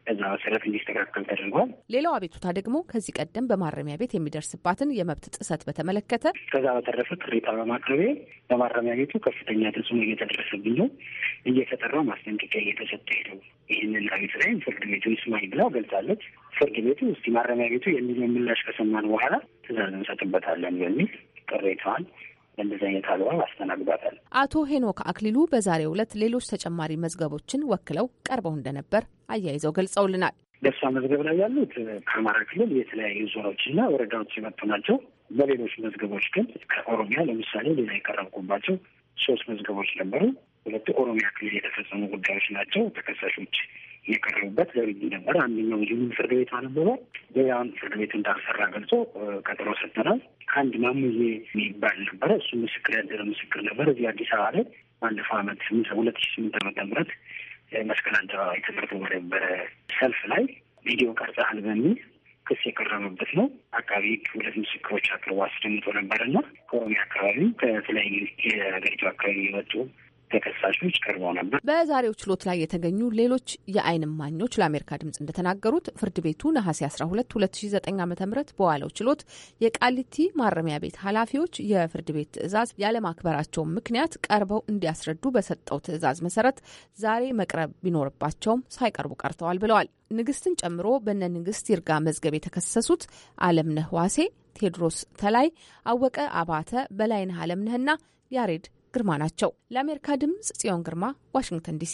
በዛ መሰረት እንዲስተካከል ተደርጓል። ሌላው አቤቱታ ደግሞ ከዚህ ቀደም በማረሚያ ቤት የሚደርስባትን የመብት ጥሰት በተመለከተ ከዛ በተረፈ ቅሬታ በማቅረቤ በማረሚያ ቤቱ ከፍተኛ ተጽዕኖ እየተደረሰብኝ ነው፣ እየተጠራው ማስጠንቀቂያ እየተሰጠ ሄደው ይህንን አቤት ላይ ፍርድ ቤቱ ይስማኝ ብላ ገልጻለች። ፍርድ ቤቱ እስቲ ማረሚያ ቤቱ የሚለውን ምላሽ ከሰማን በኋላ ትእዛዝ እንሰጥበታለን በሚል ቅሬታዋን በእንደዚህ አይነት አግባብ አስተናግዷታል። አቶ ሄኖክ አክሊሉ በዛሬው ዕለት ሌሎች ተጨማሪ መዝገቦችን ወክለው ቀርበው እንደነበር አያይዘው ገልጸውልናል። ደሳ መዝገብ ላይ ያሉት ከአማራ ክልል የተለያዩ ዞኖችና ወረዳዎች የመጡ ናቸው። በሌሎች መዝገቦች ግን ከኦሮሚያ ለምሳሌ ሌላ የቀረብኩባቸው ሶስት መዝገቦች ነበሩ። ሁለቱ ኦሮሚያ ክልል የተፈጸሙ ጉዳዮች ናቸው። ተከሳሾች የቀረቡበት ለብይ ነበር። አንደኛው ይህን ፍርድ ቤት አነበበ። ሌላውን ፍርድ ቤት እንዳሰራ ገልጾ ቀጥሮ ሰጠናል። አንድ ማሙዬ የሚባል ነበረ። እሱ ምስክር ያደረ ምስክር ነበር። እዚህ አዲስ አበባ ላይ ባለፈው አመት ስምንት ሁለት ሺ ስምንት ዓመተ ምህረት መስቀል አደባባይ ተመርቶ በነበረ ሰልፍ ላይ ቪዲዮ ቀርጸሃል በሚል ክስ የቀረበበት ነው። አካባቢ ሁለት ምስክሮች አቅርቦ አስደምጦ ነበር እና ከኦሮሚያ አካባቢ ከተለያዩ የሀገሪቱ አካባቢ የመጡ ተከሳሾች ቀርበው ነበር። በዛሬው ችሎት ላይ የተገኙ ሌሎች የአይን እማኞች ለአሜሪካ ድምጽ እንደተናገሩት ፍርድ ቤቱ ነሐሴ 12 2009 ዓ ም በዋለው ችሎት የቃሊቲ ማረሚያ ቤት ኃላፊዎች የፍርድ ቤት ትዕዛዝ ያለማክበራቸውን ምክንያት ቀርበው እንዲያስረዱ በሰጠው ትዕዛዝ መሰረት ዛሬ መቅረብ ቢኖርባቸውም ሳይቀርቡ ቀርተዋል ብለዋል። ንግስትን ጨምሮ በነ ንግስት ይርጋ መዝገብ የተከሰሱት አለምነህ ዋሴ፣ ቴድሮስ ተላይ፣ አወቀ አባተ፣ በላይነህ አለምነህና ያሬድ ግርማ ናቸው። ለአሜሪካ ድምፅ ጽዮን ግርማ፣ ዋሽንግተን ዲሲ።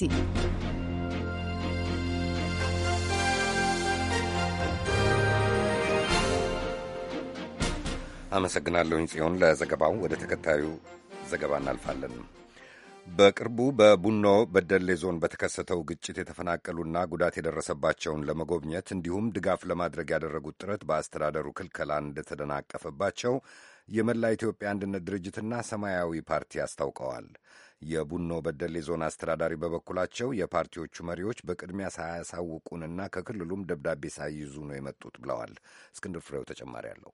አመሰግናለሁኝ ጽዮን ለዘገባው። ወደ ተከታዩ ዘገባ እናልፋለን። በቅርቡ በቡኖ በደሌ ዞን በተከሰተው ግጭት የተፈናቀሉና ጉዳት የደረሰባቸውን ለመጎብኘት እንዲሁም ድጋፍ ለማድረግ ያደረጉት ጥረት በአስተዳደሩ ክልከላ እንደተደናቀፈባቸው የመላ ኢትዮጵያ አንድነት ድርጅትና ሰማያዊ ፓርቲ አስታውቀዋል። የቡኖ በደሌ ዞን አስተዳዳሪ በበኩላቸው የፓርቲዎቹ መሪዎች በቅድሚያ ሳያሳውቁንና ከክልሉም ደብዳቤ ሳይይዙ ነው የመጡት ብለዋል። እስክንድር ፍሬው ተጨማሪ አለው።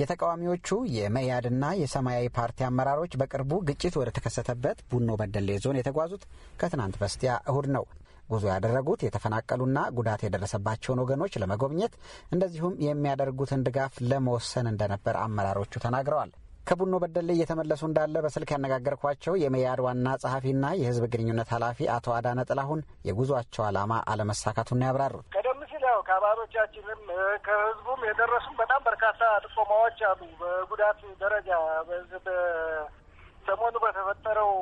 የተቃዋሚዎቹ የመያድና የሰማያዊ ፓርቲ አመራሮች በቅርቡ ግጭት ወደ ተከሰተበት ቡኖ በደሌ ዞን የተጓዙት ከትናንት በስቲያ እሁድ ነው። ጉዞ ያደረጉት የተፈናቀሉና ጉዳት የደረሰባቸውን ወገኖች ለመጎብኘት እንደዚሁም የሚያደርጉትን ድጋፍ ለመወሰን እንደነበር አመራሮቹ ተናግረዋል። ከቡኖ በደሌ እየተመለሱ እንዳለ በስልክ ያነጋገርኳቸው የመያድ ዋና ጸሐፊና የህዝብ ግንኙነት ኃላፊ አቶ አዳነ ጥላሁን የጉዟቸው ዓላማ አለመሳካቱን ያብራሩት። ቀደም ሲል ያው ከአባሎቻችንም የደረሱም በጣም ጥቆማዎች አሉ። በጉዳት ደረጃ በሰሞኑ በተፈጠረው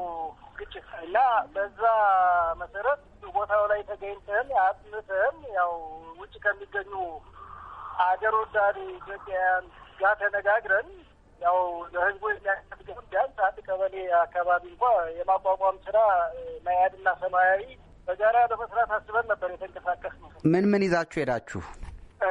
ግጭት እና በዛ መሰረት ቦታው ላይ ተገኝተን አጥንተን ያው ውጭ ከሚገኙ አገር ወዳድ ኢትዮጵያውያን ጋር ተነጋግረን ያው ለህዝቡ የሚያስፈልገውን ቢያንስ አንድ ቀበሌ አካባቢ እንኳ የማቋቋም ስራ መያድና ሰማያዊ በጋራ ለመስራት አስበን ነበር የተንቀሳቀስ ነው። ምን ምን ይዛችሁ ሄዳችሁ?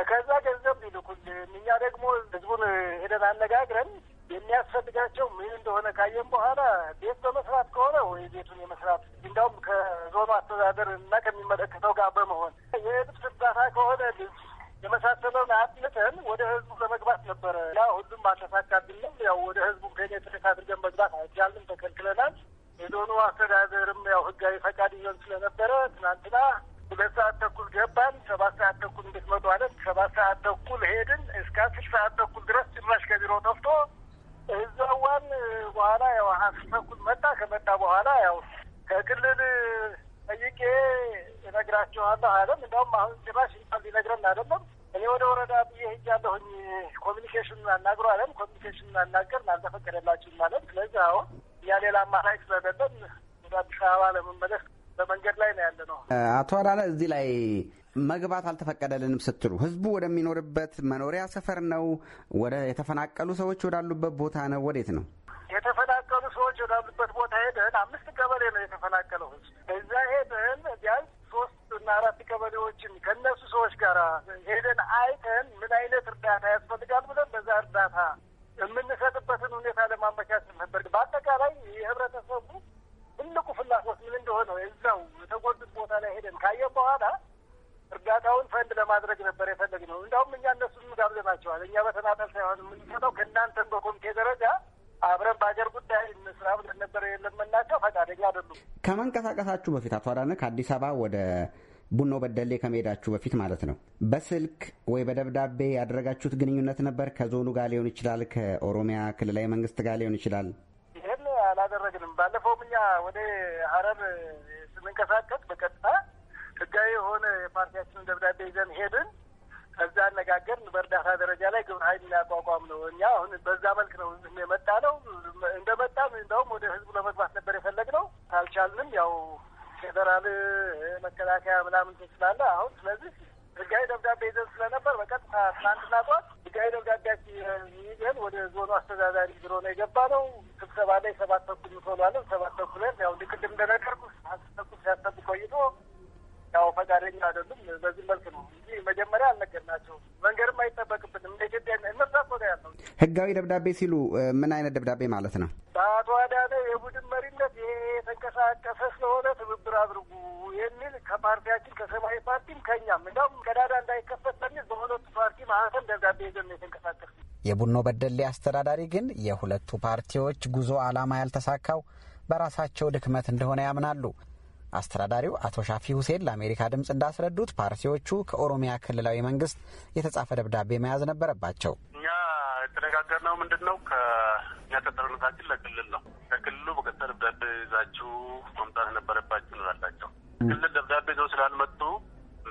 ከዛ ገንዘብ ሊልኩል እኛ ደግሞ ህዝቡን ሄደን አነጋግረን የሚያስፈልጋቸው ምን እንደሆነ ካየን በኋላ ቤት በመስራት ከሆነ ወይ ቤቱን የመስራት እንዲያውም ከዞኑ አስተዳደር እና ከሚመለከተው ጋር በመሆን የልብስ እርዳታ ከሆነ ልብስ የመሳሰለውን አጥንተን ወደ ህዝቡ ለመግባት ነበረ። ያ ሁሉም አልተሳካልንም። ያው ወደ ህዝቡ ከኔ ትልቅ አድርገን መግባት አይቻልም፣ ተከልክለናል። የዞኑ አስተዳደርም ያው ህጋዊ ፈቃድ ይዘን ስለነበረ ትናንትና ሁለት ሰዓት ተኩል ገባን። ሰባት ሰዓት ተኩል እንዴት መጡ አለት። ሰባት ሰዓት ተኩል ሄድን እስከ አስር ሰዓት ተኩል ድረስ ጭራሽ ከቢሮ ጠፍቶ እዛዋን በኋላ ያው አስር ተኩል መጣ። ከመጣ በኋላ ያው ከክልል ጠይቄ እነግራቸዋለሁ አለም። እንዲሁም አሁን ጭራሽ እንኳን ሊነግረን አይደለም እኔ ወደ ወረዳ ብዬ ሄጃለሁኝ ኮሚኒኬሽን አናግሮ አለን። ኮሚኒኬሽን አናገር አልተፈቀደላችሁም አለን። ስለዚህ አሁን እኛ ሌላ አማራጭ ስለሌለን ወደ አዲስ አበባ ለመመለስ በመንገድ ላይ ነው ያለ ነው። አቶ አዳነ እዚህ ላይ መግባት አልተፈቀደልንም ስትሉ ህዝቡ ወደሚኖርበት መኖሪያ ሰፈር ነው? ወደ የተፈናቀሉ ሰዎች ወዳሉበት ቦታ ነው? ወዴት ነው? የተፈናቀሉ ሰዎች ወዳሉበት ቦታ ሄደን አምስት ቀበሌ ነው የተፈናቀለው ህዝብ። እዛ ሄደን ቢያንስ ሶስት እና አራት ቀበሌዎችን ከእነሱ ሰዎች ጋር ሄደን አይተን ምን አይነት እርዳታ ያስፈልጋል ብለን በዛ እርዳታ የምንሰጥበትን ሁኔታ ለማመቻቸት ነበር። በአጠቃላይ የህብረተሰቡ ትልቁ እንደሆነ እዛው የተጎዱት ቦታ ላይ ሄደን ካየ በኋላ እርዳታውን ፈንድ ለማድረግ ነበር የፈለግነው። እንዲሁም እኛ እነሱን ጋብዘናቸዋል። እኛ በተናጠል ሳይሆን የምንሰጠው ከእናንተም በኮሚቴ ደረጃ አብረን በአገር ጉዳይ እንስራ ብለን ነበር የለመናቸው። ፈቃደኛ አይደሉም። ከመንቀሳቀሳችሁ በፊት አቶ አዳነ ከአዲስ አበባ ወደ ቡኖ በደሌ ከመሄዳችሁ በፊት ማለት ነው። በስልክ ወይ በደብዳቤ ያደረጋችሁት ግንኙነት ነበር? ከዞኑ ጋር ሊሆን ይችላል፣ ከኦሮሚያ ክልላዊ መንግስት ጋር ሊሆን ይችላል። አላደረግንም። ባለፈውም እኛ ወደ ሀረር ስንንቀሳቀስ በቀጥታ ህጋዊ የሆነ የፓርቲያችንን ደብዳቤ ይዘን ሄድን። ከዛ አነጋገርን። በእርዳታ ደረጃ ላይ ግብረ ኃይል የሚያቋቋም ነው። እኛ አሁን በዛ መልክ ነው የመጣ ነው። መጣም እንደውም ወደ ህዝቡ ለመግባት ነበር የፈለግነው። አልቻልንም። ያው ፌደራል መከላከያ ምናምን ስላለ አሁን ስለዚህ ህጋዊ ደብዳቤ ይዘን ስለነበር በቀጥታ ትናንትና ጠዋት ህጋዊ ደብዳቤያችን ይዘን ወደ ዞኑ አስተዳዳሪ ቢሮ ነው የገባ ነው። ስብሰባ ላይ ሰባት ተኩል ተውሏለን። ሰባት ተኩል ያው ልክ ቅድም እንደነገርኩህ ተኩል ሲያሰብ ቆይቶ ያው ፈቃደኛ አይደሉም። በዚህ መልክ ነው እንጂ መጀመሪያ አልነገርናቸውም። መንገድም አይጠበቅብንም። እንደ ኢትዮጵያ እንርዳት ያለው። ህጋዊ ደብዳቤ ሲሉ ምን አይነት ደብዳቤ ማለት ነው? በአቶ አዳነ የቡድን መሪነት ይሄ የተንቀሳቀሰ ስለሆነ ትብብር አድርጉ የሚል ከፓርቲያችን ከሰማያዊ ፓርቲም ከኛም እንዲሁም ቀዳዳ እንዳይከፈት በሚል በሁለቱ ፓርቲ ማህተም ደብዳቤ ይዘን የተንቀሳቀስ የቡኖ በደሌ አስተዳዳሪ ግን የሁለቱ ፓርቲዎች ጉዞ ዓላማ ያልተሳካው በራሳቸው ድክመት እንደሆነ ያምናሉ። አስተዳዳሪው አቶ ሻፊ ሁሴን ለአሜሪካ ድምፅ እንዳስረዱት ፓርቲዎቹ ከኦሮሚያ ክልላዊ መንግስት የተጻፈ ደብዳቤ መያዝ ነበረባቸው። እኛ የተነጋገርነው ምንድን ነው? ከእኛ ተጠርነታችን ለክልል ነው። ለክልሉ በቀጥታ ደብዳቤ ይዛችሁ መምጣት ነበረባችሁ እንላላቸው። ክልል ደብዳቤ ይዘው ስላልመጡ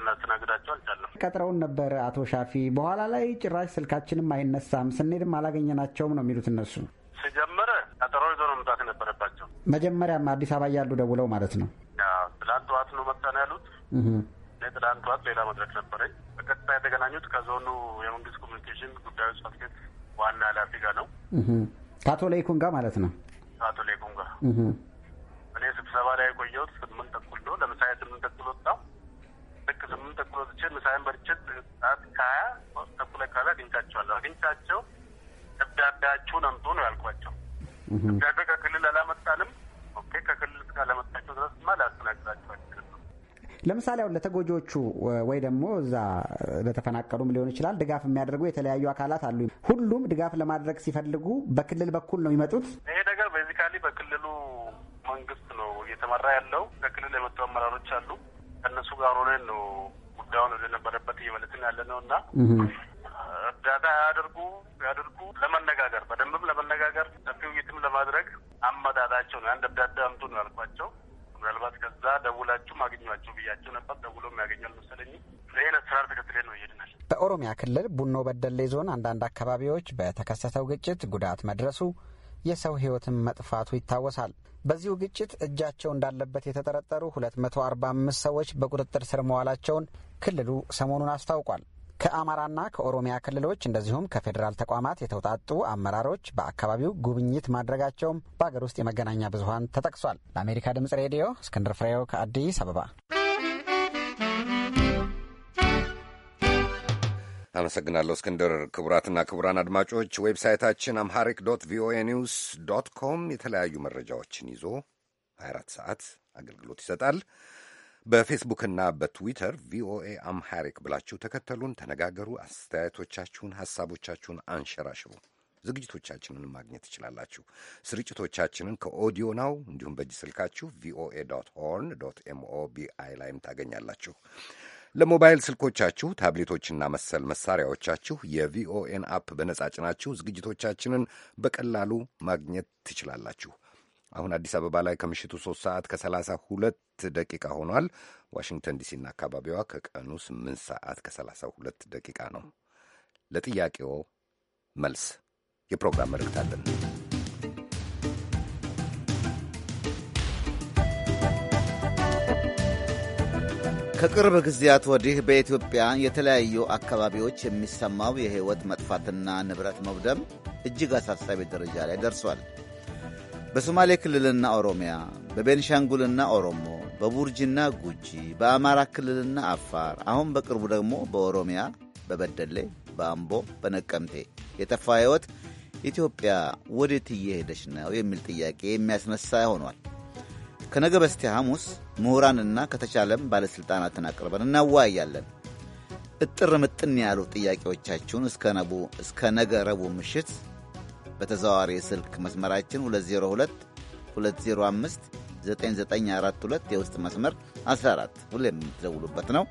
እናስተናግዳቸው አልቻለም። ቀጥረውን ነበር አቶ ሻፊ። በኋላ ላይ ጭራሽ ስልካችንም አይነሳም፣ ስንሄድም አላገኘናቸውም ነው የሚሉት እነሱ ሲጀመረ ቀጠሮ ይዞ ነው መምጣት የነበረባቸው። መጀመሪያም አዲስ አበባ እያሉ ደውለው ማለት ነው ትላንት ጠዋት ነው መጣን ያሉት። ትላንት ጠዋት ሌላ መድረክ ነበረኝ። በቀጥታ የተገናኙት ከዞኑ የመንግስት ኮሚኒኬሽን ጉዳዮች ጽሕፈት ቤት ዋና ኃላፊ ጋር ነው ከአቶ ለይኩን ጋር ማለት ነው። ከአቶ ለይኩን ጋር እኔ ስብሰባ ላይ የቆየሁት ስምንት ተኩል ነው። ለምሳሌ ስምንት ተኩል ወጣሁ። ልክ ስምንት ተኩል ወጥቼ ምሳዬን በልቼ ሰዓት ከሀያ ተኩል አካባቢ አግኝቻቸዋለሁ። አግኝቻቸው ደብዳቤያችሁን አምጡ ነው ያልኳቸው። ደብዳቤ ከክልል አላመጣንም። ኦኬ ከክልል እስካለመጣቸው ድረስ ማ ሊያስተናግዳቸው አይችልም። ለምሳሌ አሁን ለተጎጂዎቹ ወይ ደግሞ እዛ ለተፈናቀሉም ሊሆን ይችላል ድጋፍ የሚያደርጉ የተለያዩ አካላት አሉ። ሁሉም ድጋፍ ለማድረግ ሲፈልጉ በክልል በኩል ነው የሚመጡት። ይሄ ነገር ቤዚካሊ በክልሉ መንግስት ነው እየተመራ ያለው። ከክልል የመጡ አመራሮች አሉ። ከእነሱ ጋር ሆነን ነው ጉዳዩን ወደነበረበት እየመለስን ያለ ነው እና እርዳታ ያደርጉ ያደርጉ ለመነጋገር በደንብም ለመነጋገር ሰፊ ውይይትም ለማድረግ አመጣጣቸው ነው። ያን ደብዳቤ አምጡ ነው ያልኳቸው። ምናልባት ከዛ ደውላችሁ ማግኟቸው ብያቸው ነበር። ደውሎም የሚያገኛል መሰለኝ። ይህን አሰራር ተከትሌ ነው ይሄድናል። በኦሮሚያ ክልል ቡኖ በደሌ ዞን አንዳንድ አካባቢዎች በተከሰተው ግጭት ጉዳት መድረሱ፣ የሰው ህይወትም መጥፋቱ ይታወሳል። በዚሁ ግጭት እጃቸው እንዳለበት የተጠረጠሩ 245 ሰዎች በቁጥጥር ስር መዋላቸውን ክልሉ ሰሞኑን አስታውቋል። ከአማራና ከኦሮሚያ ክልሎች እንደዚሁም ከፌዴራል ተቋማት የተውጣጡ አመራሮች በአካባቢው ጉብኝት ማድረጋቸውም በአገር ውስጥ የመገናኛ ብዙኃን ተጠቅሷል። ለአሜሪካ ድምጽ ሬዲዮ እስክንድር ፍሬው ከአዲስ አበባ አመሰግናለሁ እስክንድር። ክቡራትና ክቡራን አድማጮች ዌብሳይታችን አምሃሪክ ዶት ቪኦኤ ኒውስ ዶት ኮም የተለያዩ መረጃዎችን ይዞ 24 ሰዓት አገልግሎት ይሰጣል። በፌስቡክና በትዊተር ቪኦኤ አምሐሪክ ብላችሁ ተከተሉን፣ ተነጋገሩ። አስተያየቶቻችሁን፣ ሐሳቦቻችሁን አንሸራሽሩ። ዝግጅቶቻችንን ማግኘት ትችላላችሁ። ስርጭቶቻችንን ከኦዲዮ ናው እንዲሁም በእጅ ስልካችሁ ቪኦኤ ዶት ሆርን ዶት ኤምኦቢአይ ላይም ታገኛላችሁ። ለሞባይል ስልኮቻችሁ ታብሌቶችና መሰል መሳሪያዎቻችሁ የቪኦኤን አፕ በነጻ ጭናችሁ ዝግጅቶቻችንን በቀላሉ ማግኘት ትችላላችሁ። አሁን አዲስ አበባ ላይ ከምሽቱ 3 ሰዓት ከ32 ደቂቃ ሆኗል። ዋሽንግተን ዲሲና አካባቢዋ ከቀኑ 8 ሰዓት ከ32 ደቂቃ ነው። ለጥያቄው መልስ የፕሮግራም መልእክት አለን። ከቅርብ ጊዜያት ወዲህ በኢትዮጵያ የተለያዩ አካባቢዎች የሚሰማው የሕይወት መጥፋትና ንብረት መውደም እጅግ አሳሳቢ ደረጃ ላይ ደርሷል። በሶማሌ ክልልና ኦሮሚያ፣ በቤንሻንጉልና ኦሮሞ፣ በቡርጅና ጉጂ፣ በአማራ ክልልና አፋር፣ አሁን በቅርቡ ደግሞ በኦሮሚያ በበደሌ፣ በአምቦ፣ በነቀምቴ የጠፋ ሕይወት ኢትዮጵያ ወዴት እየሄደች ነው የሚል ጥያቄ የሚያስነሳ ሆኗል። ከነገ በስቲያ ሐሙስ ምሁራንና ከተቻለም ባለሥልጣናትን አቅርበን እናወያያለን። እጥር ምጥን ያሉ ጥያቄዎቻችሁን እስከ ነገ ረቡዕ ምሽት በተዘዋዋሪ የስልክ መስመራችን 202 205 9942 የውስጥ መስመር 14 ሁሌ የምትደውሉበት ነው።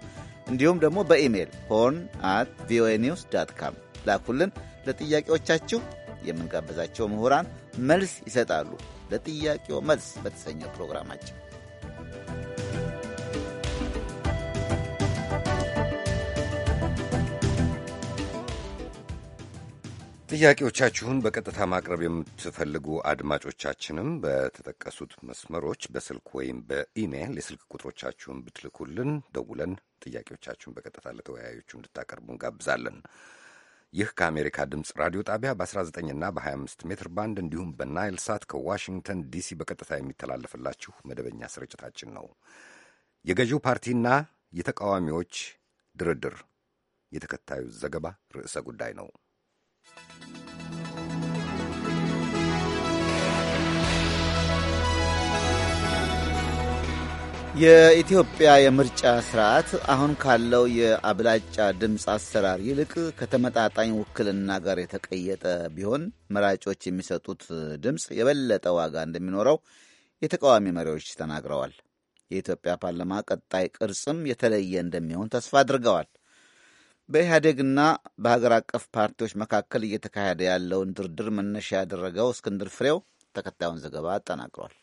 እንዲሁም ደግሞ በኢሜይል ሆን አት ቪኦኤ ኒውስ ዳት ካም ላኩልን። ለጥያቄዎቻችሁ የምንጋበዛቸው ምሁራን መልስ ይሰጣሉ። ለጥያቄው መልስ በተሰኘው ፕሮግራማችን ጥያቄዎቻችሁን በቀጥታ ማቅረብ የምትፈልጉ አድማጮቻችንም በተጠቀሱት መስመሮች በስልክ ወይም በኢሜይል የስልክ ቁጥሮቻችሁን ብትልኩልን ደውለን ጥያቄዎቻችሁን በቀጥታ ለተወያዮቹ እንድታቀርቡ እንጋብዛለን። ይህ ከአሜሪካ ድምፅ ራዲዮ ጣቢያ በ19ና በ25 ሜትር ባንድ እንዲሁም በናይል ሳት ከዋሽንግተን ዲሲ በቀጥታ የሚተላለፍላችሁ መደበኛ ስርጭታችን ነው። የገዢው ፓርቲና የተቃዋሚዎች ድርድር የተከታዩ ዘገባ ርዕሰ ጉዳይ ነው። የኢትዮጵያ የምርጫ ስርዓት አሁን ካለው የአብላጫ ድምፅ አሰራር ይልቅ ከተመጣጣኝ ውክልና ጋር የተቀየጠ ቢሆን መራጮች የሚሰጡት ድምፅ የበለጠ ዋጋ እንደሚኖረው የተቃዋሚ መሪዎች ተናግረዋል። የኢትዮጵያ ፓርላማ ቀጣይ ቅርጽም የተለየ እንደሚሆን ተስፋ አድርገዋል። በኢህአዴግና በሀገር አቀፍ ፓርቲዎች መካከል እየተካሄደ ያለውን ድርድር መነሻ ያደረገው እስክንድር ፍሬው ተከታዩን ዘገባ አጠናቅሯል።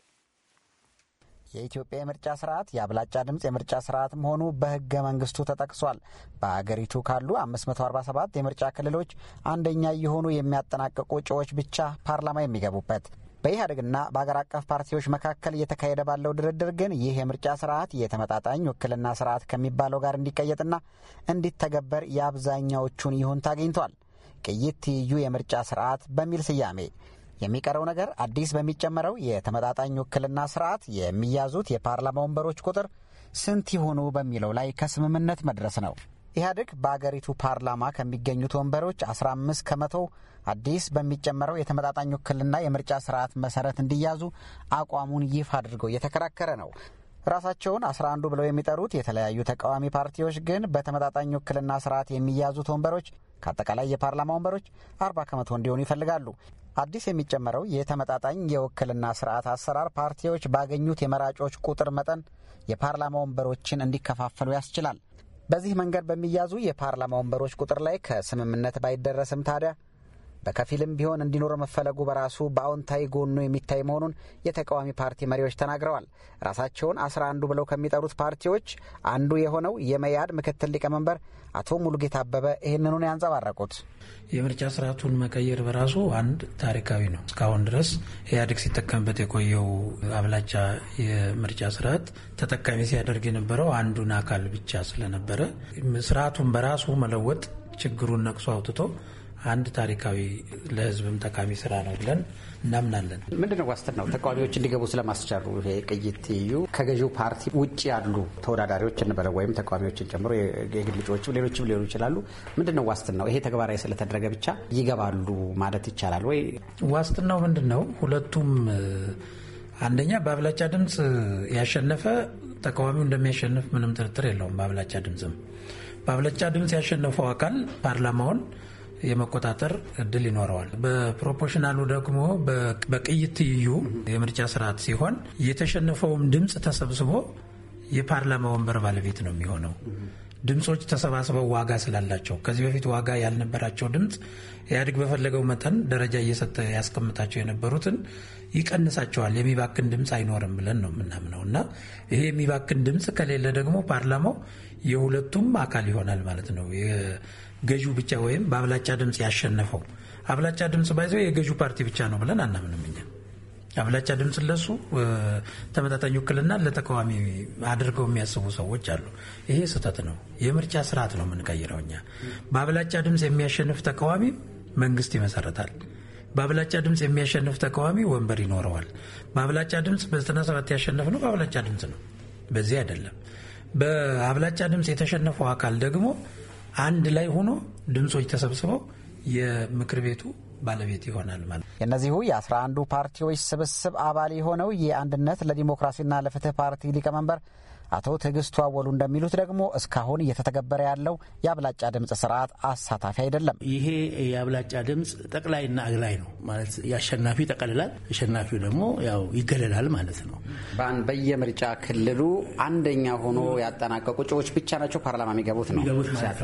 የኢትዮጵያ የምርጫ ስርዓት የአብላጫ ድምፅ የምርጫ ስርዓት መሆኑ በህገ መንግስቱ ተጠቅሷል። በሀገሪቱ ካሉ 547 የምርጫ ክልሎች አንደኛ የሆኑ የሚያጠናቅቁ እጩዎች ብቻ ፓርላማ የሚገቡበት በኢህአዴግና በአገር አቀፍ ፓርቲዎች መካከል እየተካሄደ ባለው ድርድር ግን ይህ የምርጫ ስርዓት የተመጣጣኝ ውክልና ስርዓት ከሚባለው ጋር እንዲቀየጥና እንዲተገበር የአብዛኛዎቹን ይሁንታ አግኝቷል። ቅይት ትይዩ የምርጫ ስርዓት በሚል ስያሜ የሚቀረው ነገር አዲስ በሚጨመረው የተመጣጣኝ ውክልና ስርዓት የሚያዙት የፓርላማ ወንበሮች ቁጥር ስንት ይሆኑ በሚለው ላይ ከስምምነት መድረስ ነው። ኢህአዴግ በአገሪቱ ፓርላማ ከሚገኙት ወንበሮች 15 ከመቶ አዲስ በሚጨመረው የተመጣጣኝ ውክልና የምርጫ ስርዓት መሰረት እንዲያዙ አቋሙን ይፋ አድርገው እየተከራከረ ነው። ራሳቸውን 11 ብለው የሚጠሩት የተለያዩ ተቃዋሚ ፓርቲዎች ግን በተመጣጣኝ ውክልና ስርዓት የሚያዙት ወንበሮች ከአጠቃላይ የፓርላማ ወንበሮች 40 ከመቶ እንዲሆኑ ይፈልጋሉ። አዲስ የሚጨመረው የተመጣጣኝ የውክልና ስርዓት አሰራር ፓርቲዎች ባገኙት የመራጮች ቁጥር መጠን የፓርላማ ወንበሮችን እንዲከፋፈሉ ያስችላል። በዚህ መንገድ በሚያዙ የፓርላማ ወንበሮች ቁጥር ላይ ከስምምነት ባይደረስም ታዲያ በከፊልም ቢሆን እንዲኖር መፈለጉ በራሱ በአዎንታዊ ጎኑ የሚታይ መሆኑን የተቃዋሚ ፓርቲ መሪዎች ተናግረዋል። ራሳቸውን አስራ አንዱ ብለው ከሚጠሩት ፓርቲዎች አንዱ የሆነው የመያድ ምክትል ሊቀመንበር አቶ ሙሉጌታ አበበ ይህንኑን ያንጸባረቁት የምርጫ ስርዓቱን መቀየር በራሱ አንድ ታሪካዊ ነው። እስካሁን ድረስ ኢህአዴግ ሲጠቀምበት የቆየው አብላጫ የምርጫ ስርዓት ተጠቃሚ ሲያደርግ የነበረው አንዱን አካል ብቻ ስለነበረ ስርዓቱን በራሱ መለወጥ ችግሩን ነቅሶ አውጥቶ አንድ ታሪካዊ ለህዝብም ጠቃሚ ስራ ነው ብለን እናምናለን። ምንድነው ዋስትናው? ተቃዋሚዎች እንዲገቡ ስለማስቻሉ ይሄ ቅይት ትይዩ ከገዢው ፓርቲ ውጭ ያሉ ተወዳዳሪዎች እንበለ ወይም ተቃዋሚዎችን ጨምሮ የግል እጩዎች ሌሎችም ሊሆኑ ይችላሉ። ምንድነው ዋስትናው? ይሄ ተግባራዊ ስለተደረገ ብቻ ይገባሉ ማለት ይቻላል ወይ? ዋስትናው ምንድን ነው? ሁለቱም አንደኛ በአብላጫ ድምፅ ያሸነፈ ተቃዋሚው እንደሚያሸንፍ ምንም ጥርጥር የለውም። በአብላጫ ድምፅም በአብላጫ ድምፅ ያሸነፈው አካል ፓርላማውን የመቆጣጠር እድል ይኖረዋል። በፕሮፖርሽናሉ ደግሞ በቅይት ትይዩ የምርጫ ስርዓት ሲሆን የተሸነፈውም ድምፅ ተሰብስቦ የፓርላማ ወንበር ባለቤት ነው የሚሆነው። ድምፆች ተሰባስበው ዋጋ ስላላቸው ከዚህ በፊት ዋጋ ያልነበራቸው ድምፅ ኢህአዴግ በፈለገው መጠን ደረጃ እየሰጠ ያስቀምጣቸው የነበሩትን ይቀንሳቸዋል። የሚባክን ድምፅ አይኖርም ብለን ነው የምናምነው እና ይሄ የሚባክን ድምፅ ከሌለ ደግሞ ፓርላማው የሁለቱም አካል ይሆናል ማለት ነው። ገዢው ብቻ ወይም በአብላጫ ድምፅ ያሸነፈው አብላጫ ድምፅ ባይዘው የገዢው ፓርቲ ብቻ ነው ብለን አናምንም እኛ። አብላጫ ድምፅ ለሱ ተመጣጣኝ ውክልና ለተቃዋሚ አድርገው የሚያስቡ ሰዎች አሉ። ይሄ ስህተት ነው። የምርጫ ስርዓት ነው የምንቀይረው እኛ። በአብላጫ ድምፅ የሚያሸንፍ ተቃዋሚ መንግስት ይመሰርታል። በአብላጫ ድምፅ የሚያሸንፍ ተቃዋሚ ወንበር ይኖረዋል። በአብላጫ ድምፅ በ ያሸነፍ ነው በአብላጫ ድምፅ ነው። በዚህ አይደለም። በአብላጫ ድምፅ የተሸነፈው አካል ደግሞ አንድ ላይ ሆኖ ድምፆች ተሰብስበው የምክር ቤቱ ባለቤት ይሆናል ማለት ነው። የእነዚሁ የአስራ አንዱ ፓርቲዎች ስብስብ አባል የሆነው የአንድነት ለዲሞክራሲና ለፍትህ ፓርቲ ሊቀመንበር አቶ ትዕግስቱ አወሉ እንደሚሉት ደግሞ እስካሁን እየተተገበረ ያለው የአብላጫ ድምፅ ስርዓት አሳታፊ አይደለም። ይሄ የአብላጫ ድምፅ ጠቅላይና አግላይ ነው ማለት የአሸናፊ ጠቀልላል፣ አሸናፊው ደግሞ ያው ይገለላል ማለት ነው። በየምርጫ ክልሉ አንደኛ ሆኖ ያጠናቀቁ እጩዎች ብቻ ናቸው ፓርላማ የሚገቡት ነው።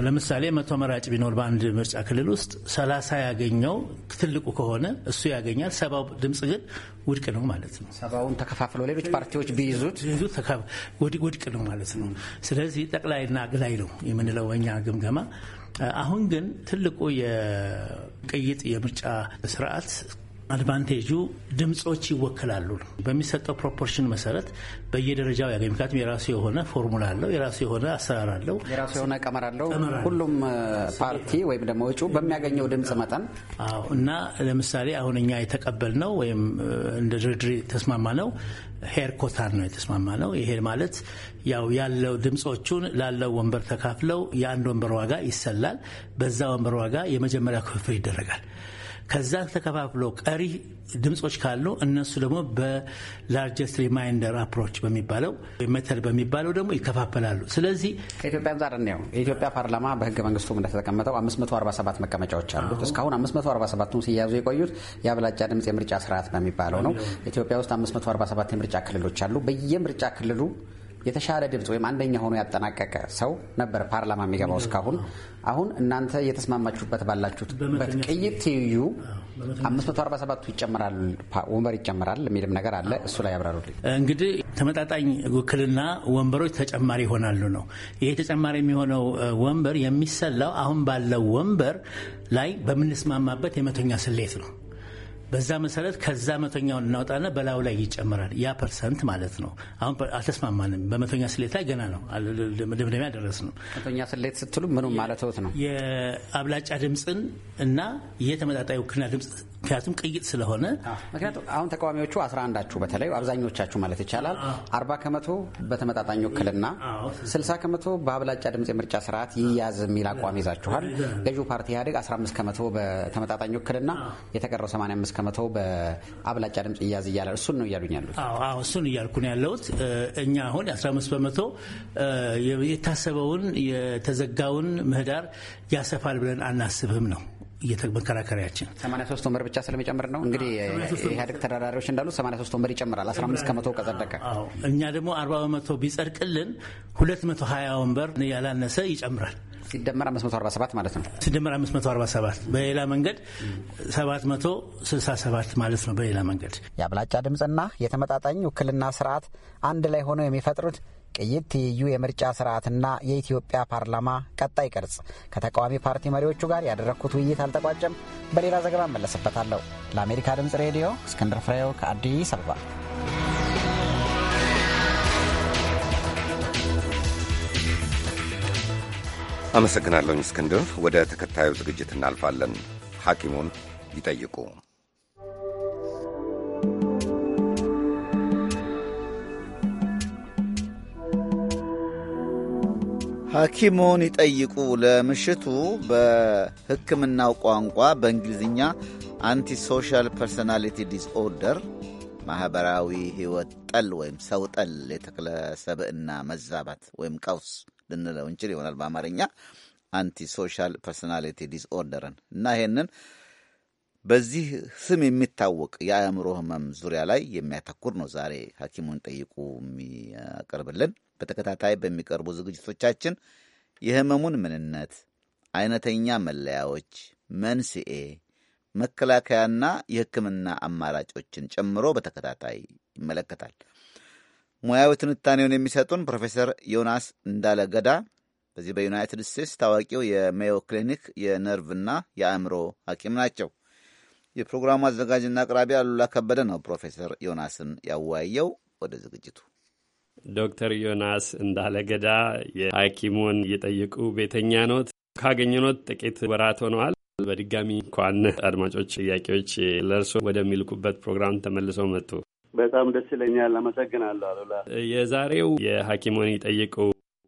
ለምሳሌ መቶ መራጭ ቢኖር በአንድ ምርጫ ክልል ውስጥ ሰላሳ ያገኘው ትልቁ ከሆነ እሱ ያገኛል። ሰባው ድምፅ ግን ውድቅ ነው ማለት ነው። ሰባውን ተከፋፍለው ሌሎች ፓርቲዎች ቢይዙት ውድቅ ነው ማለት ነው። ስለዚህ ጠቅላይና አግላይ ነው የምንለው እኛ ግምገማ። አሁን ግን ትልቁ የቅይጥ የምርጫ ስርዓት አድቫንቴጁ ድምፆች ይወክላሉ። በሚሰጠው ፕሮፖርሽን መሰረት በየደረጃው ያገኝ ምክንያቱም የራሱ የሆነ ፎርሙላ አለው፣ የራሱ የሆነ አሰራር አለው፣ የራሱ የሆነ ቀመር አለው። ሁሉም ፓርቲ ወይም ደግሞ እጩ በሚያገኘው ድምፅ መጠን እና ለምሳሌ አሁን እኛ ነው ወይም እንደ ድርድር ተስማማ ነው ሄር ኮታን ነው የተስማማ ነው። ይሄ ማለት ያው ያለው ድምፆቹን ላለው ወንበር ተካፍለው የአንድ ወንበር ዋጋ ይሰላል። በዛ ወንበር ዋጋ የመጀመሪያ ክፍፍል ይደረጋል። ከዛ ተከፋፍሎ ቀሪ ድምፆች ካሉ እነሱ ደግሞ በላርጀስት ሪማይንደር አፕሮች በሚባለው ሜተድ በሚባለው ደግሞ ይከፋፈላሉ። ስለዚህ ከኢትዮጵያ አንጻር እንየው። የኢትዮጵያ ፓርላማ በህገ መንግስቱ እንደተቀመጠው 547 መቀመጫዎች አሉት። እስካሁን 547 ሲያዙ የቆዩት የአብላጫ ድምፅ የምርጫ ስርዓት በሚባለው ነው። ኢትዮጵያ ውስጥ 547 የምርጫ ክልሎች አሉ። በየምርጫ ክልሉ የተሻለ ድምፅ ወይም አንደኛ ሆኖ ያጠናቀቀ ሰው ነበር ፓርላማ የሚገባው እስካሁን። አሁን እናንተ እየተስማማችሁበት ባላችሁት በቅይት ትይዩ 547ቱ ይጨምራል ወንበር ይጨምራል የሚልም ነገር አለ። እሱ ላይ ያብራሩልኝ። እንግዲህ ተመጣጣኝ ውክልና ወንበሮች ተጨማሪ ይሆናሉ ነው። ይሄ ተጨማሪ የሚሆነው ወንበር የሚሰላው አሁን ባለው ወንበር ላይ በምንስማማበት የመቶኛ ስሌት ነው። በዛ መሰረት ከዛ መቶኛውን እናወጣና በላዩ ላይ ይጨምራል። ያ ፐርሰንት ማለት ነው። አሁን አልተስማማንም። በመቶኛ ስሌት ላይ ገና ነው፣ ድምዳሜ አልደረስንም ነው። መቶኛ ስሌት ስትሉ ምኑ ማለት ነው? የአብላጫ ድምፅን እና የተመጣጣይ ውክልና ድምፅ ምክንያቱም ቅይጥ ስለሆነ ምክንያቱም አሁን ተቃዋሚዎቹ አስራ አንዳችሁ በተለይ አብዛኞቻችሁ ማለት ይቻላል አርባ ከመቶ በተመጣጣኝ ውክልና ስልሳ ከመቶ በአብላጫ ድምፅ የምርጫ ስርዓት ይያዝ የሚል አቋም ይዛችኋል። ገዢው ፓርቲ ኢህአዴግ አስራ አምስት ከመቶ በተመጣጣኝ ውክልና የተቀረው ሰማንያ አምስት ከመቶ በአብላጫ ድምፅ ይያዝ እያለ እሱን ነው እያሉኝ ያሉት። እሱን እያልኩ ነው ያለሁት። እኛ አሁን የአስራ አምስት በመቶ የታሰበውን የተዘጋውን ምህዳር ያሰፋል ብለን አናስብም ነው መከራከሪያችን 83 ወንበር ብቻ ስለሚጨምር ነው። እንግዲህ ኢህአዴግ ተደራዳሪዎች እንዳሉ 83 ወንበር ይጨምራል። 15 ከመቶ ከጸደቀ እኛ ደግሞ 40 በመቶ ቢጸድቅልን 220 ወንበር ያላነሰ ይጨምራል። ሲደመር 547 ማለት ነው። ሲደመር 547 በሌላ መንገድ 767 ማለት ነው። በሌላ መንገድ የአብላጫ ድምፅና የተመጣጣኝ ውክልና ስርዓት አንድ ላይ ሆነው የሚፈጥሩት ቅይጥ ትይዩ የምርጫ ስርዓትና የኢትዮጵያ ፓርላማ ቀጣይ ቅርጽ ከተቃዋሚ ፓርቲ መሪዎቹ ጋር ያደረግኩት ውይይት አልተቋጨም። በሌላ ዘገባ እመለስበታለሁ። ለአሜሪካ ድምፅ ሬዲዮ እስክንድር ፍሬው ከአዲስ አበባ። አመሰግናለሁኝ እስክንድር። ወደ ተከታዩ ዝግጅት እናልፋለን። ሐኪሙን ይጠይቁ ሐኪሙን ይጠይቁ ለምሽቱ በሕክምናው ቋንቋ በእንግሊዝኛ አንቲሶሻል ፐርሶናሊቲ ዲስኦርደር ማኅበራዊ ሕይወት ጠል ወይም ሰው ጠል የተክለ ሰብዕና መዛባት ወይም ቀውስ ልንለው እንችል ይሆናል በአማርኛ አንቲ ሶሻል ፐርሶናሊቲ ዲስኦርደርን እና ይሄንን በዚህ ስም የሚታወቅ የአእምሮ ህመም ዙሪያ ላይ የሚያተኩር ነው ዛሬ ሐኪሙን ጠይቁ የሚያቀርብልን። በተከታታይ በሚቀርቡ ዝግጅቶቻችን የህመሙን ምንነት፣ አይነተኛ መለያዎች፣ መንስኤ፣ መከላከያና የሕክምና አማራጮችን ጨምሮ በተከታታይ ይመለከታል። ሙያዊ ትንታኔውን የሚሰጡን ፕሮፌሰር ዮናስ እንዳለገዳ በዚህ በዩናይትድ ስቴትስ ታዋቂው የሜዮ ክሊኒክ የነርቭና የአእምሮ ሐኪም ናቸው። የፕሮግራሙ አዘጋጅና አቅራቢ አሉላ ከበደ ነው ፕሮፌሰር ዮናስን ያወያየው። ወደ ዝግጅቱ ዶክተር ዮናስ እንዳለገዳ የሐኪሙን የጠየቁ ቤተኛ ኖት ካገኘኖት ጥቂት ወራት ሆነዋል። በድጋሚ እንኳን አድማጮች ጥያቄዎች ለእርሶ ወደሚልኩበት ፕሮግራም ተመልሰው መጡ። በጣም ደስ ይለኛል። አመሰግናለሁ አሉላ። የዛሬው የሐኪሙን ይጠይቁ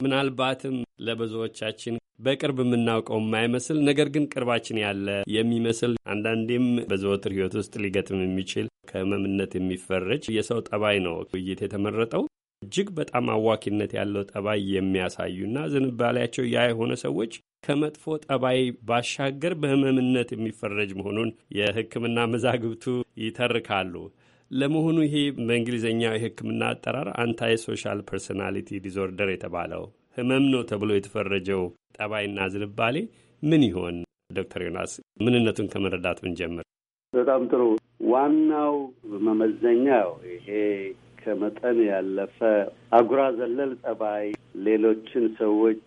ምናልባትም ለብዙዎቻችን በቅርብ የምናውቀው የማይመስል ነገር ግን ቅርባችን ያለ የሚመስል አንዳንዴም በዘወትር ሕይወት ውስጥ ሊገጥም የሚችል ከህመምነት የሚፈረጅ የሰው ጠባይ ነው ውይይት የተመረጠው እጅግ በጣም አዋኪነት ያለው ጠባይ የሚያሳዩና ዝንባሌያቸው ያ የሆነ ሰዎች ከመጥፎ ጠባይ ባሻገር በህመምነት የሚፈረጅ መሆኑን የሕክምና መዛግብቱ ይተርካሉ። ለመሆኑ ይሄ በእንግሊዝኛው የሕክምና አጠራር አንታይ ሶሻል ፐርሶናሊቲ ዲዞርደር የተባለው ህመም ነው ተብሎ የተፈረጀው ጠባይና ዝንባሌ ምን ይሆን? ዶክተር ዮናስ ምንነቱን ከመረዳት ብንጀምር በጣም ጥሩ። ዋናው መመዘኛ ይሄ ከመጠን ያለፈ አጉራ ዘለል ጠባይ ሌሎችን ሰዎች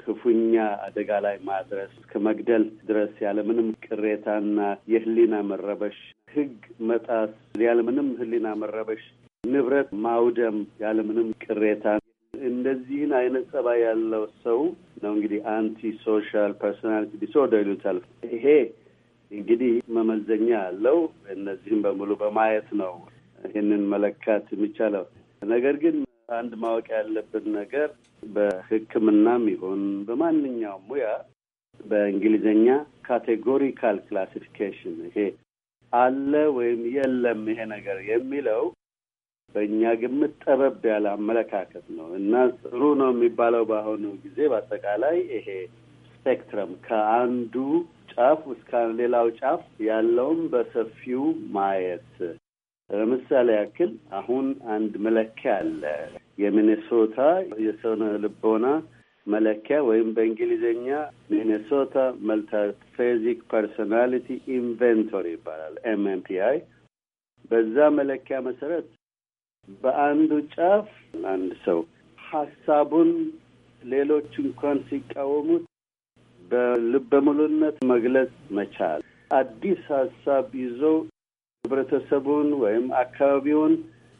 ክፉኛ አደጋ ላይ ማድረስ እስከ መግደል ድረስ ያለምንም ቅሬታና የህሊና መረበሽ ህግ መጣስ ያለምንም ህሊና መረበሽ ንብረት ማውደም ያለምንም ቅሬታ እንደዚህን አይነት ጸባይ ያለው ሰው ነው እንግዲህ አንቲ ሶሻል ፐርሶናሊቲ ዲስኦርደር ይሉታል። ይሄ እንግዲህ መመዘኛ ያለው እነዚህም በሙሉ በማየት ነው ይህንን መለካት የሚቻለው። ነገር ግን አንድ ማወቅ ያለብን ነገር በሕክምናም ይሁን በማንኛውም ሙያ በእንግሊዝኛ ካቴጎሪካል ክላሲፊኬሽን ይሄ አለ ወይም የለም ይሄ ነገር የሚለው በእኛ ግምት ጠበብ ያለ አመለካከት ነው እና ጥሩ ነው የሚባለው በአሁኑ ጊዜ በአጠቃላይ ይሄ ስፔክትረም ከአንዱ ጫፍ እስከ ሌላው ጫፍ ያለውም በሰፊው ማየት ለምሳሌ ያክል አሁን አንድ መለኪያ አለ። የሚኔሶታ የስነ ልቦና መለኪያ ወይም በእንግሊዝኛ ሚኔሶታ መልታፌዚክ ፐርሶናሊቲ ኢንቨንቶሪ ይባላል፣ ኤምኤምፒአይ። በዛ መለኪያ መሰረት በአንዱ ጫፍ አንድ ሰው ሀሳቡን ሌሎች እንኳን ሲቃወሙት በልበ ሙሉነት መግለጽ መቻል፣ አዲስ ሀሳብ ይዞ ህብረተሰቡን ወይም አካባቢውን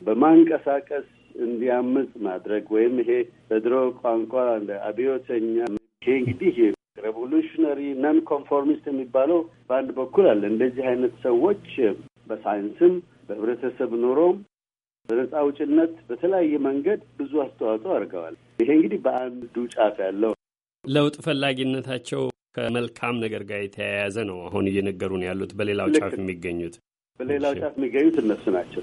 በማንቀሳቀስ እንዲያምፅ ማድረግ ወይም ይሄ በድሮ ቋንቋ አብዮተኛ ይሄ እንግዲህ ሬቮሉሽነሪ ነን ኮንፎርሚስት የሚባለው በአንድ በኩል አለ። እንደዚህ አይነት ሰዎች በሳይንስም በህብረተሰብ ኑሮም በነፃ አውጭነት በተለያየ መንገድ ብዙ አስተዋጽኦ አድርገዋል። ይሄ እንግዲህ በአንዱ ጫፍ ያለው ለውጥ ፈላጊነታቸው ከመልካም ነገር ጋር የተያያዘ ነው። አሁን እየነገሩን ያሉት በሌላው ጫፍ የሚገኙት በሌላው ጫፍ የሚገኙት እነሱ ናቸው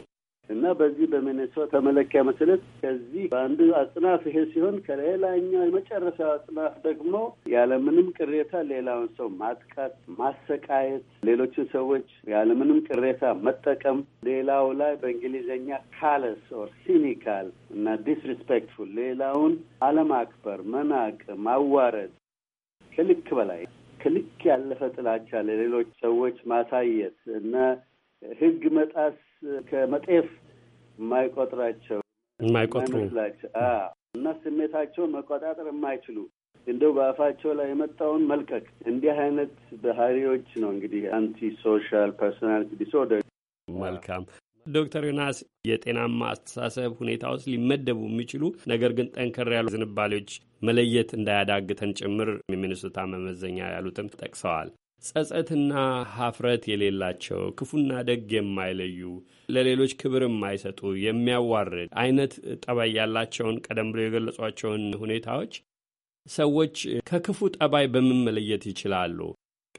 እና በዚህ በሚኔሶታ መለኪያ መሰረት ከዚህ በአንዱ አጽናፍ ይሄ ሲሆን ከሌላኛው የመጨረሻው አጽናፍ ደግሞ ያለምንም ቅሬታ ሌላውን ሰው ማጥቃት፣ ማሰቃየት፣ ሌሎችን ሰዎች ያለምንም ቅሬታ መጠቀም፣ ሌላው ላይ በእንግሊዝኛ ካለስ ኦር ሲኒካል እና ዲስሪስፔክትፉል ሌላውን አለማክበር፣ መናቅ፣ ማዋረድ ከልክ በላይ ከልክ ያለፈ ጥላቻ ለሌሎች ሰዎች ማሳየት እና ህግ መጣስ ከመጤፍ የማይቆጥራቸው የማይቆጥሩ እና ስሜታቸውን መቆጣጠር የማይችሉ እንደው በአፋቸው ላይ የመጣውን መልቀቅ እንዲህ አይነት ባህሪዎች ነው እንግዲህ አንቲ ሶሻል ፐርሶናሊቲ ዲስኦርደር። መልካም ዶክተር ዮናስ የጤናማ አስተሳሰብ ሁኔታ ውስጥ ሊመደቡ የሚችሉ ነገር ግን ጠንከር ያሉ ዝንባሌዎች መለየት እንዳያዳግተን ጭምር የሚኒሶታ መመዘኛ ያሉትን ጠቅሰዋል። ጸጸትና ሀፍረት የሌላቸው ክፉና ደግ የማይለዩ ለሌሎች ክብር የማይሰጡ የሚያዋርድ አይነት ጠባይ ያላቸውን ቀደም ብሎ የገለጿቸውን ሁኔታዎች ሰዎች ከክፉ ጠባይ በምን መለየት ይችላሉ?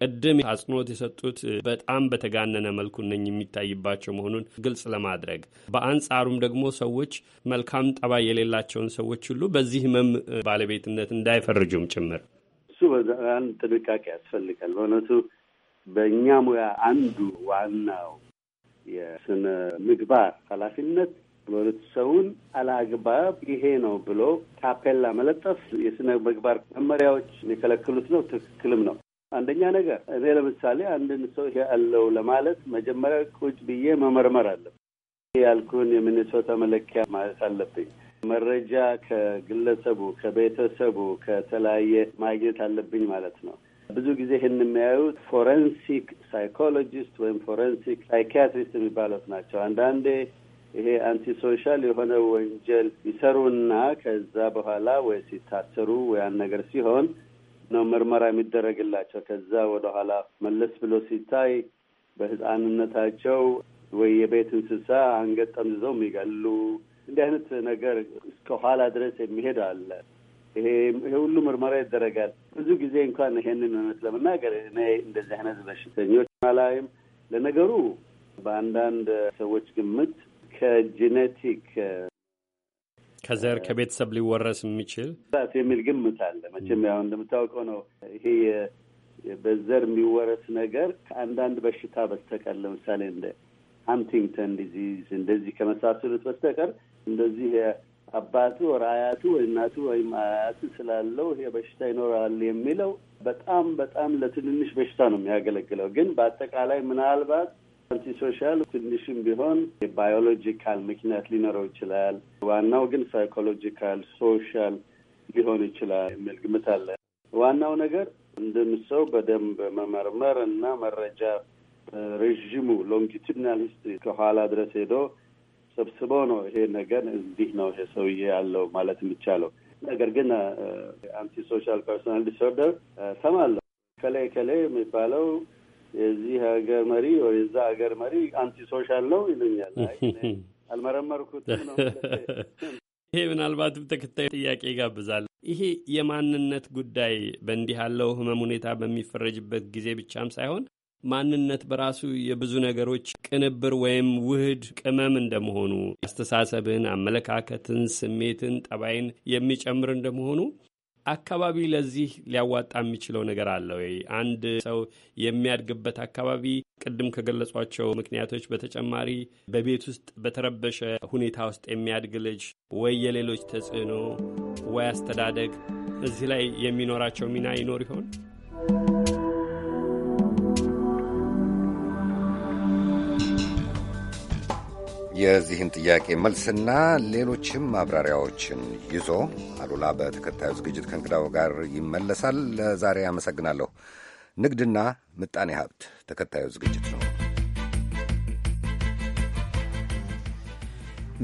ቅድም አጽንኦት የሰጡት በጣም በተጋነነ መልኩ እነኝ የሚታይባቸው መሆኑን ግልጽ ለማድረግ በአንጻሩም ደግሞ ሰዎች መልካም ጠባይ የሌላቸውን ሰዎች ሁሉ በዚህ ህመም ባለቤትነት እንዳይፈርጁም ጭምር በጣም ጥንቃቄ ያስፈልጋል። በእውነቱ በእኛ ሙያ አንዱ ዋናው የስነ ምግባር ኃላፊነት በእውነቱ ሰውን አላግባብ ይሄ ነው ብሎ ካፔላ መለጠፍ የስነ ምግባር መመሪያዎች የከለከሉት ነው። ትክክልም ነው። አንደኛ ነገር እኔ ለምሳሌ አንድን ሰው ያለው ለማለት መጀመሪያ ቁጭ ብዬ መመርመር አለብኝ። ያልኩን የሚኒሶታ መለኪያ ማለት አለብኝ። መረጃ ከግለሰቡ ከቤተሰቡ ከተለያየ ማግኘት አለብኝ ማለት ነው። ብዙ ጊዜ ይህን የሚያዩት ፎረንሲክ ሳይኮሎጂስት ወይም ፎረንሲክ ሳይኪያትሪስት የሚባሉት ናቸው። አንዳንዴ ይሄ አንቲ ሶሻል የሆነ ወንጀል ይሰሩና ከዛ በኋላ ወይ ሲታሰሩ ወያን ነገር ሲሆን ነው ምርመራ የሚደረግላቸው። ከዛ ወደኋላ መለስ ብሎ ሲታይ በህፃንነታቸው ወይ የቤት እንስሳ አንገት ጠምዝዘው የሚገሉ እንዲህ አይነት ነገር እስከኋላ ድረስ የሚሄድ አለ። ይሄ ሁሉ ምርመራ ይደረጋል። ብዙ ጊዜ እንኳን ይሄንን እውነት ለመናገር እኔ እንደዚህ አይነት በሽተኞች ላይም ለነገሩ በአንዳንድ ሰዎች ግምት ከጂኔቲክ ከዘር ከቤተሰብ ሊወረስ የሚችል የሚል ግምት አለ። መቼም ያው እንደምታውቀው ነው ይሄ በዘር የሚወረስ ነገር ከአንዳንድ በሽታ በስተቀር ለምሳሌ እንደ ሃንቲንግተን ዲዚዝ እንደዚህ ከመሳሰሉት በስተቀር እንደዚህ አባቱ ወር አያቱ ወይ እናቱ ወይም አያቱ ስላለው ይሄ በሽታ ይኖራል የሚለው በጣም በጣም ለትንንሽ በሽታ ነው የሚያገለግለው። ግን በአጠቃላይ ምናልባት አንቲሶሻል ትንሽም ቢሆን ባዮሎጂካል ምክንያት ሊኖረው ይችላል። ዋናው ግን ሳይኮሎጂካል ሶሻል ሊሆን ይችላል የሚል ግምት አለ። ዋናው ነገር እንደምሰው በደንብ መመርመር እና መረጃ ረዥሙ ሎንጊቱድናል ሂስትሪ ከኋላ ድረስ ሄዶ ሰብስበው ነው ይሄ ነገር እዚህ ነው ይሄ ሰውዬ ያለው ማለት የሚቻለው። ነገር ግን አንቲ ሶሻል ፐርሶናል ዲስኦርደር ሰማለሁ ከላይ ከላይ የሚባለው የዚህ ሀገር መሪ ወይ የዛ ሀገር መሪ አንቲ ሶሻል ነው ይሉኛል። (laughs) አልመረመርኩት ነው። (laughs) ይሄ ምናልባትም ተከታይ ጥያቄ ይጋብዛል። ይሄ የማንነት ጉዳይ በእንዲህ ያለው ህመም ሁኔታ በሚፈረጅበት ጊዜ ብቻም ሳይሆን ማንነት በራሱ የብዙ ነገሮች ቅንብር ወይም ውህድ ቅመም እንደመሆኑ አስተሳሰብን፣ አመለካከትን፣ ስሜትን፣ ጠባይን የሚጨምር እንደመሆኑ አካባቢ ለዚህ ሊያዋጣ የሚችለው ነገር አለ ወይ? አንድ ሰው የሚያድግበት አካባቢ ቅድም ከገለጿቸው ምክንያቶች በተጨማሪ በቤት ውስጥ በተረበሸ ሁኔታ ውስጥ የሚያድግ ልጅ ወይ የሌሎች ተጽዕኖ ወይ አስተዳደግ እዚህ ላይ የሚኖራቸው ሚና ይኖር ይሆን? የዚህን ጥያቄ መልስና ሌሎችም ማብራሪያዎችን ይዞ አሉላ በተከታዩ ዝግጅት ከእንግዳው ጋር ይመለሳል። ለዛሬ አመሰግናለሁ። ንግድና ምጣኔ ሀብት ተከታዩ ዝግጅት ነው።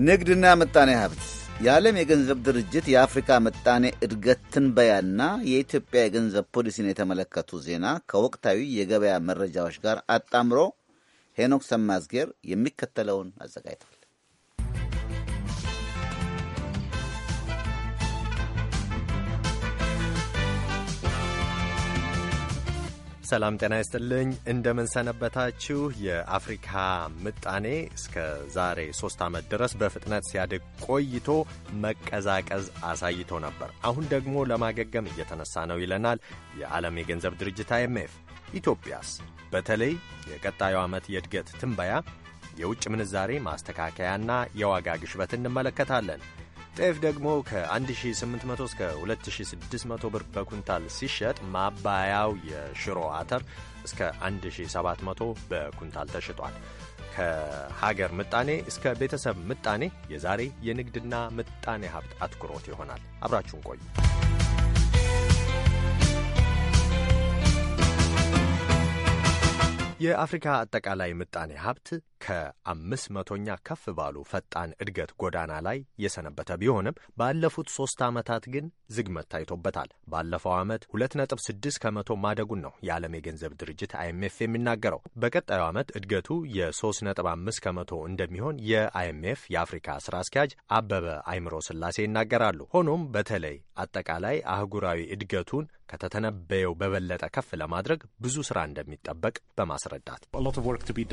ንግድና ምጣኔ ሀብት የዓለም የገንዘብ ድርጅት የአፍሪካ ምጣኔ እድገት ትንበያና የኢትዮጵያ የገንዘብ ፖሊሲን የተመለከቱ ዜና ከወቅታዊ የገበያ መረጃዎች ጋር አጣምሮ ሄኖክ ሰማዝጌር የሚከተለውን አዘጋጅቷል። ሰላም ጤና ይስጥልኝ። እንደምንሰነበታችሁ። የአፍሪካ ምጣኔ እስከ ዛሬ ሶስት ዓመት ድረስ በፍጥነት ሲያድግ ቆይቶ መቀዛቀዝ አሳይቶ ነበር። አሁን ደግሞ ለማገገም እየተነሳ ነው ይለናል የዓለም የገንዘብ ድርጅት አይኤምኤፍ። ኢትዮጵያስ በተለይ የቀጣዩ ዓመት የእድገት ትንበያ፣ የውጭ ምንዛሬ ማስተካከያና የዋጋ ግሽበት እንመለከታለን። ጤፍ ደግሞ ከ1800 እስከ 2600 ብር በኩንታል ሲሸጥ ማባያው የሽሮ አተር እስከ 1700 በኩንታል ተሽጧል። ከሀገር ምጣኔ እስከ ቤተሰብ ምጣኔ የዛሬ የንግድና ምጣኔ ሀብት አትኩሮት ይሆናል። አብራችሁን ቆዩ። የአፍሪካ አጠቃላይ ምጣኔ ሀብት ከአምስት መቶኛ ከፍ ባሉ ፈጣን እድገት ጎዳና ላይ የሰነበተ ቢሆንም ባለፉት ሶስት ዓመታት ግን ዝግመት ታይቶበታል። ባለፈው ዓመት 2.6 ነጥብ ስድስት ከመቶ ማደጉን ነው የዓለም የገንዘብ ድርጅት አይኤምኤፍ የሚናገረው። በቀጣዩ ዓመት እድገቱ የ 35 አምስት ከመቶ እንደሚሆን የአይኤምኤፍ የአፍሪካ ስራ አስኪያጅ አበበ አይምሮ ስላሴ ይናገራሉ። ሆኖም በተለይ አጠቃላይ አህጉራዊ እድገቱን ከተተነበየው በበለጠ ከፍ ለማድረግ ብዙ ስራ እንደሚጠበቅ በማሳ ማስረዳት uh,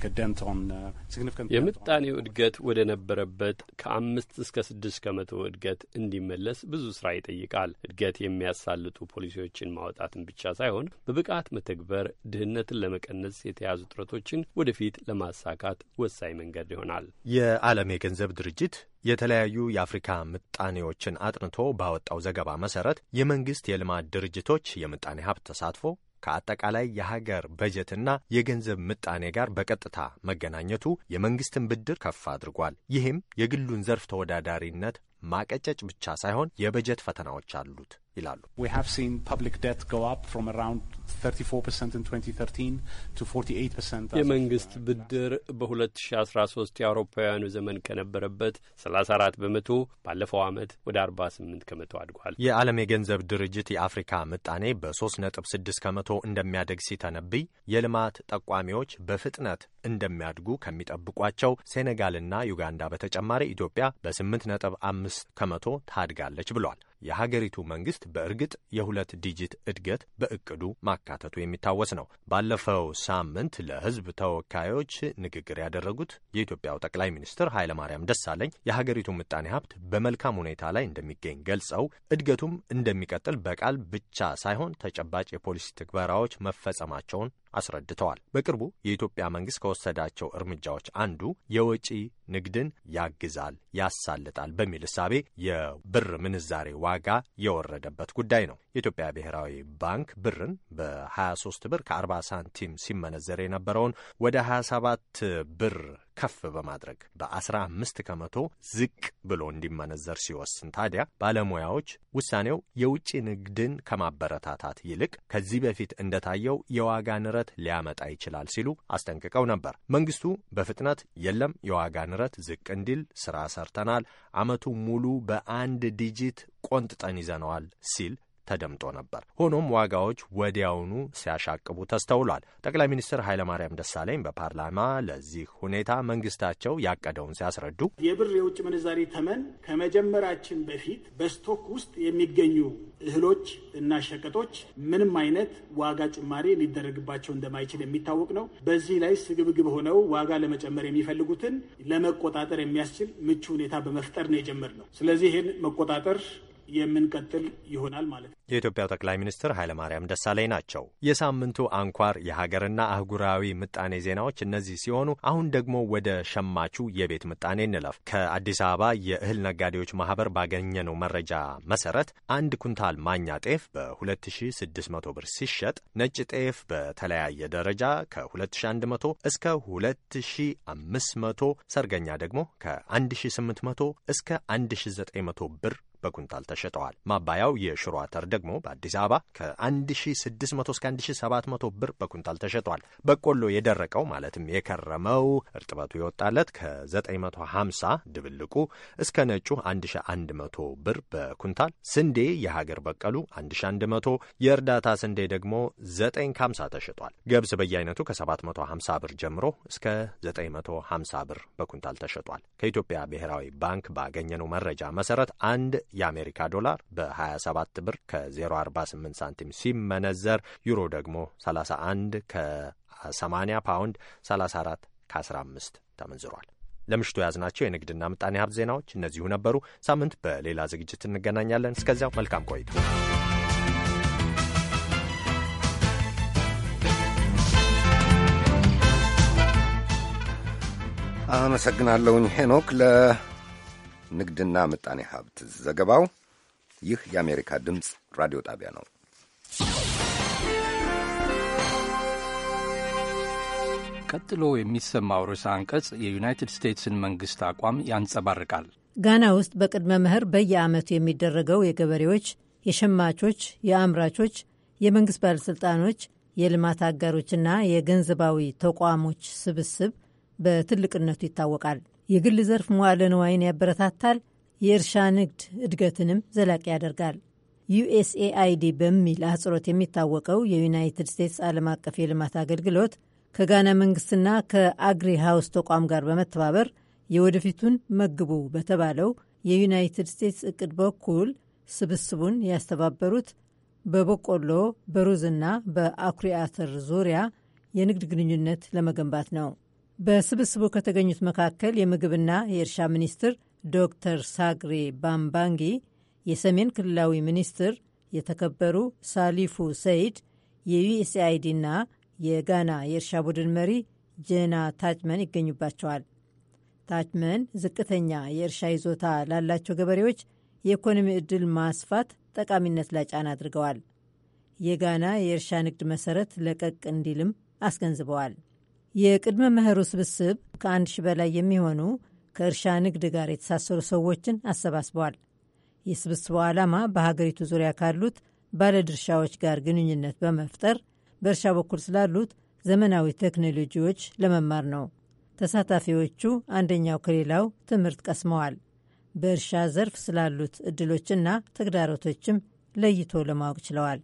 uh, የምጣኔው እድገት ወደ ነበረበት ከአምስት እስከ ስድስት ከመቶ እድገት እንዲመለስ ብዙ ስራ ይጠይቃል። እድገት የሚያሳልጡ ፖሊሲዎችን ማውጣትን ብቻ ሳይሆን በብቃት መተግበር ድህነትን ለመቀነስ የተያዙ ጥረቶችን ወደፊት ለማሳካት ወሳኝ መንገድ ይሆናል። የዓለም የገንዘብ ድርጅት የተለያዩ የአፍሪካ ምጣኔዎችን አጥንቶ ባወጣው ዘገባ መሰረት የመንግስት የልማት ድርጅቶች የምጣኔ ሀብት ተሳትፎ ከአጠቃላይ የሀገር በጀትና የገንዘብ ምጣኔ ጋር በቀጥታ መገናኘቱ የመንግስትን ብድር ከፍ አድርጓል። ይህም የግሉን ዘርፍ ተወዳዳሪነት ማቀጨጭ ብቻ ሳይሆን የበጀት ፈተናዎች አሉት። ይላሉ። የመንግስት ብድር በ2013 የአውሮፓውያኑ ዘመን ከነበረበት 34 በመቶ ባለፈው ዓመት ወደ 48 ከመቶ አድጓል። የዓለም የገንዘብ ድርጅት የአፍሪካ ምጣኔ በ3.6 ከመቶ እንደሚያደግ ሲተነብይ የልማት ጠቋሚዎች በፍጥነት እንደሚያድጉ ከሚጠብቋቸው ሴኔጋልና ዩጋንዳ በተጨማሪ ኢትዮጵያ በ8.5 ከመቶ ታድጋለች ብሏል። የሀገሪቱ መንግስት በእርግጥ የሁለት ዲጂት እድገት በእቅዱ ማካተቱ የሚታወስ ነው። ባለፈው ሳምንት ለህዝብ ተወካዮች ንግግር ያደረጉት የኢትዮጵያው ጠቅላይ ሚኒስትር ኃይለማርያም ደሳለኝ የሀገሪቱ ምጣኔ ሀብት በመልካም ሁኔታ ላይ እንደሚገኝ ገልጸው እድገቱም እንደሚቀጥል በቃል ብቻ ሳይሆን ተጨባጭ የፖሊሲ ትግበራዎች መፈጸማቸውን አስረድተዋል። በቅርቡ የኢትዮጵያ መንግስት ከወሰዳቸው እርምጃዎች አንዱ የወጪ ንግድን ያግዛል፣ ያሳልጣል በሚል እሳቤ የብር ምንዛሬ ዋጋ የወረደበት ጉዳይ ነው። የኢትዮጵያ ብሔራዊ ባንክ ብርን በ23 ብር ከ40 ሳንቲም ሲመነዘር የነበረውን ወደ 27 ብር ከፍ በማድረግ በ15 ከመቶ ዝቅ ብሎ እንዲመነዘር ሲወስን ታዲያ ባለሙያዎች ውሳኔው የውጭ ንግድን ከማበረታታት ይልቅ ከዚህ በፊት እንደታየው የዋጋ ንረት ሊያመጣ ይችላል ሲሉ አስጠንቅቀው ነበር። መንግስቱ በፍጥነት የለም የዋጋ ንረት ዝቅ እንዲል ስራ ሰርተናል፣ አመቱ ሙሉ በአንድ ዲጂት ቆንጥጠን ይዘነዋል ሲል ተደምጦ ነበር። ሆኖም ዋጋዎች ወዲያውኑ ሲያሻቅቡ ተስተውሏል። ጠቅላይ ሚኒስትር ኃይለማርያም ደሳለኝ በፓርላማ ለዚህ ሁኔታ መንግስታቸው ያቀደውን ሲያስረዱ የብር የውጭ ምንዛሪ ተመን ከመጀመራችን በፊት በስቶክ ውስጥ የሚገኙ እህሎች እና ሸቀጦች ምንም አይነት ዋጋ ጭማሪ ሊደረግባቸው እንደማይችል የሚታወቅ ነው። በዚህ ላይ ስግብግብ ሆነው ዋጋ ለመጨመር የሚፈልጉትን ለመቆጣጠር የሚያስችል ምቹ ሁኔታ በመፍጠር ነው የጀመርነው። ስለዚህ ይህን መቆጣጠር የምንቀጥል ይሆናል ማለት ነው። የኢትዮጵያው ጠቅላይ ሚኒስትር ኃይለማርያም ደሳለኝ ናቸው። የሳምንቱ አንኳር የሀገርና አህጉራዊ ምጣኔ ዜናዎች እነዚህ ሲሆኑ አሁን ደግሞ ወደ ሸማቹ የቤት ምጣኔ እንለፍ። ከአዲስ አበባ የእህል ነጋዴዎች ማህበር ባገኘነው መረጃ መሰረት አንድ ኩንታል ማኛ ጤፍ በ2600 ብር ሲሸጥ ነጭ ጤፍ በተለያየ ደረጃ ከ2100 እስከ 2500፣ ሰርገኛ ደግሞ ከ1800 እስከ 1900 ብር በኩንታል ተሸጠዋል። ማባያው የሽሮ አተር ደግሞ በአዲስ አበባ ከ1600 እስከ 1700 ብር በኩንታል ተሸጠዋል። በቆሎ የደረቀው ማለትም የከረመው እርጥበቱ የወጣለት ከ950 ድብልቁ እስከ ነጩ 1100 ብር በኩንታል። ስንዴ የሀገር በቀሉ 1100፣ የእርዳታ ስንዴ ደግሞ 950 ተሸጧል። ገብስ በየአይነቱ ከ750 ብር ጀምሮ እስከ 950 ብር በኩንታል ተሸጧል። ከኢትዮጵያ ብሔራዊ ባንክ ባገኘነው መረጃ መሰረት አንድ የአሜሪካ ዶላር በ27 ብር ከ048 ሳንቲም ሲመነዘር ዩሮ ደግሞ 31 ከ80 ፓውንድ 34 ከ15 ተመንዝሯል። ለምሽቱ የያዝናቸው የንግድና ምጣኔ ሀብት ዜናዎች እነዚሁ ነበሩ። ሳምንት በሌላ ዝግጅት እንገናኛለን። እስከዚያው መልካም ቆይታ። አመሰግናለሁኝ ሄኖክ ንግድና ምጣኔ ሀብት ዘገባው። ይህ የአሜሪካ ድምፅ ራዲዮ ጣቢያ ነው። ቀጥሎ የሚሰማው ርዕሰ አንቀጽ የዩናይትድ ስቴትስን መንግሥት አቋም ያንጸባርቃል። ጋና ውስጥ በቅድመ መኸር በየዓመቱ የሚደረገው የገበሬዎች፣ የሸማቾች፣ የአምራቾች፣ የመንግሥት ባለሥልጣኖች፣ የልማት አጋሮችና የገንዘባዊ ተቋሞች ስብስብ በትልቅነቱ ይታወቃል። የግል ዘርፍ መዋለ ንዋይን ያበረታታል፣ የእርሻ ንግድ እድገትንም ዘላቂ ያደርጋል። ዩኤስኤአይዲ በሚል አህጽሮት የሚታወቀው የዩናይትድ ስቴትስ ዓለም አቀፍ የልማት አገልግሎት ከጋና መንግስትና ከአግሪ ሃውስ ተቋም ጋር በመተባበር የወደፊቱን መግቡ በተባለው የዩናይትድ ስቴትስ እቅድ በኩል ስብስቡን ያስተባበሩት በበቆሎ በሩዝና በአኩሪ አተር ዙሪያ የንግድ ግንኙነት ለመገንባት ነው። በስብስቡ ከተገኙት መካከል የምግብና የእርሻ ሚኒስትር ዶክተር ሳግሬ ባምባንጊ፣ የሰሜን ክልላዊ ሚኒስትር የተከበሩ ሳሊፉ ሰይድ፣ የዩኤስአይዲና የጋና የእርሻ ቡድን መሪ ጄና ታችመን ይገኙባቸዋል። ታችመን ዝቅተኛ የእርሻ ይዞታ ላላቸው ገበሬዎች የኢኮኖሚ ዕድል ማስፋት ጠቃሚነት ላይ ጫና አድርገዋል። የጋና የእርሻ ንግድ መሰረት ለቀቅ እንዲልም አስገንዝበዋል። የቅድመ መኸሩ ስብስብ ከአንድ ሺ በላይ የሚሆኑ ከእርሻ ንግድ ጋር የተሳሰሩ ሰዎችን አሰባስበዋል። የስብስቡ ዓላማ በሀገሪቱ ዙሪያ ካሉት ባለድርሻዎች ጋር ግንኙነት በመፍጠር በእርሻ በኩል ስላሉት ዘመናዊ ቴክኖሎጂዎች ለመማር ነው። ተሳታፊዎቹ አንደኛው ከሌላው ትምህርት ቀስመዋል። በእርሻ ዘርፍ ስላሉት እድሎችና ተግዳሮቶችም ለይቶ ለማወቅ ችለዋል።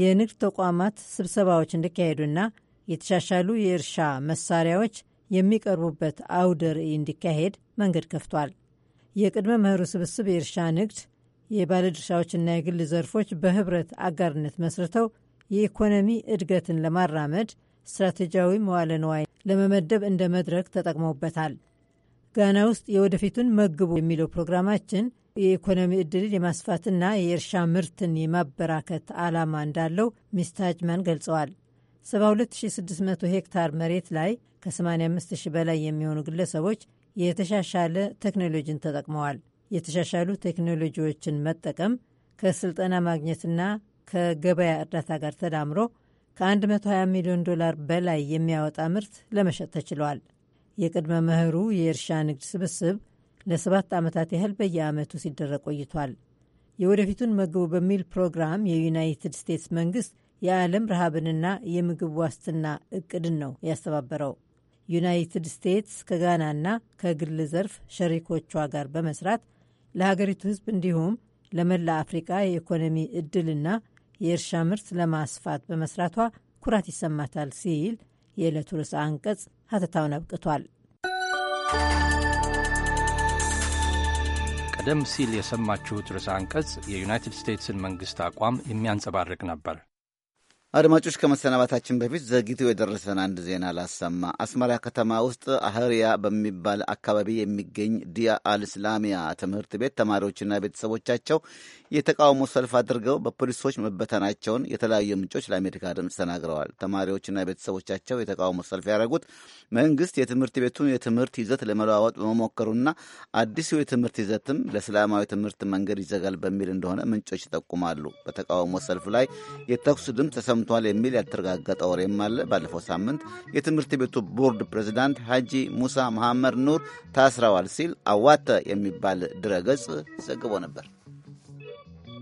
የንግድ ተቋማት ስብሰባዎች እንዲካሄዱና የተሻሻሉ የእርሻ መሳሪያዎች የሚቀርቡበት አውደ ርዕይ እንዲካሄድ መንገድ ከፍቷል። የቅድመ ምህሩ ስብስብ የእርሻ ንግድ፣ የባለድርሻዎችና የግል ዘርፎች በህብረት አጋርነት መስርተው የኢኮኖሚ እድገትን ለማራመድ ስትራቴጂያዊ መዋለ ንዋይ ለመመደብ እንደ መድረክ ተጠቅመውበታል። ጋና ውስጥ የወደፊቱን መግቡ የሚለው ፕሮግራማችን የኢኮኖሚ እድልን የማስፋትና የእርሻ ምርትን የማበራከት ዓላማ እንዳለው ሚስ ገልጸዋል። 72600 ሄክታር መሬት ላይ ከ85000 በላይ የሚሆኑ ግለሰቦች የተሻሻለ ቴክኖሎጂን ተጠቅመዋል። የተሻሻሉ ቴክኖሎጂዎችን መጠቀም ከስልጠና ማግኘትና ከገበያ እርዳታ ጋር ተዳምሮ ከ120 ሚሊዮን ዶላር በላይ የሚያወጣ ምርት ለመሸጥ ተችሏል። የቅድመ መኸሩ የእርሻ ንግድ ስብስብ ለሰባት ዓመታት ያህል በየዓመቱ ሲደረግ ቆይቷል። የወደፊቱን መግቡ በሚል ፕሮግራም የዩናይትድ ስቴትስ መንግስት የዓለም ረሃብንና የምግብ ዋስትና እቅድን ነው ያስተባበረው። ዩናይትድ ስቴትስ ከጋናና ከግል ዘርፍ ሸሪኮቿ ጋር በመስራት ለሀገሪቱ ሕዝብ እንዲሁም ለመላ አፍሪቃ የኢኮኖሚ እድልና የእርሻ ምርት ለማስፋት በመስራቷ ኩራት ይሰማታል ሲል የዕለቱ ርዕሰ አንቀጽ ሀተታውን አብቅቷል። ቀደም ሲል የሰማችሁት ርዕሰ አንቀጽ የዩናይትድ ስቴትስን መንግሥት አቋም የሚያንጸባርቅ ነበር። አድማጮች ከመሰናባታችን በፊት ዘግይቶ የደረሰን አንድ ዜና ላሰማ። አስመራ ከተማ ውስጥ አህርያ በሚባል አካባቢ የሚገኝ ዲያ አልስላሚያ ትምህርት ቤት ተማሪዎችና ቤተሰቦቻቸው የተቃውሞ ሰልፍ አድርገው በፖሊሶች መበተናቸውን የተለያዩ ምንጮች ለአሜሪካ ድምፅ ተናግረዋል። ተማሪዎችና ቤተሰቦቻቸው የተቃውሞ ሰልፍ ያደረጉት መንግስት የትምህርት ቤቱን የትምህርት ይዘት ለመለዋወጥ በመሞከሩና አዲሱ የትምህርት ይዘትም ለእስላማዊ ትምህርት መንገድ ይዘጋል በሚል እንደሆነ ምንጮች ይጠቁማሉ። በተቃውሞ ሰልፍ ላይ የተኩስ ድምፅ ተሰምቷል የሚል ያልተረጋገጠ ወሬም አለ። ባለፈው ሳምንት የትምህርት ቤቱ ቦርድ ፕሬዚዳንት ሐጂ ሙሳ መሐመድ ኑር ታስረዋል ሲል አዋተ የሚባል ድረገጽ ዘግቦ ነበር።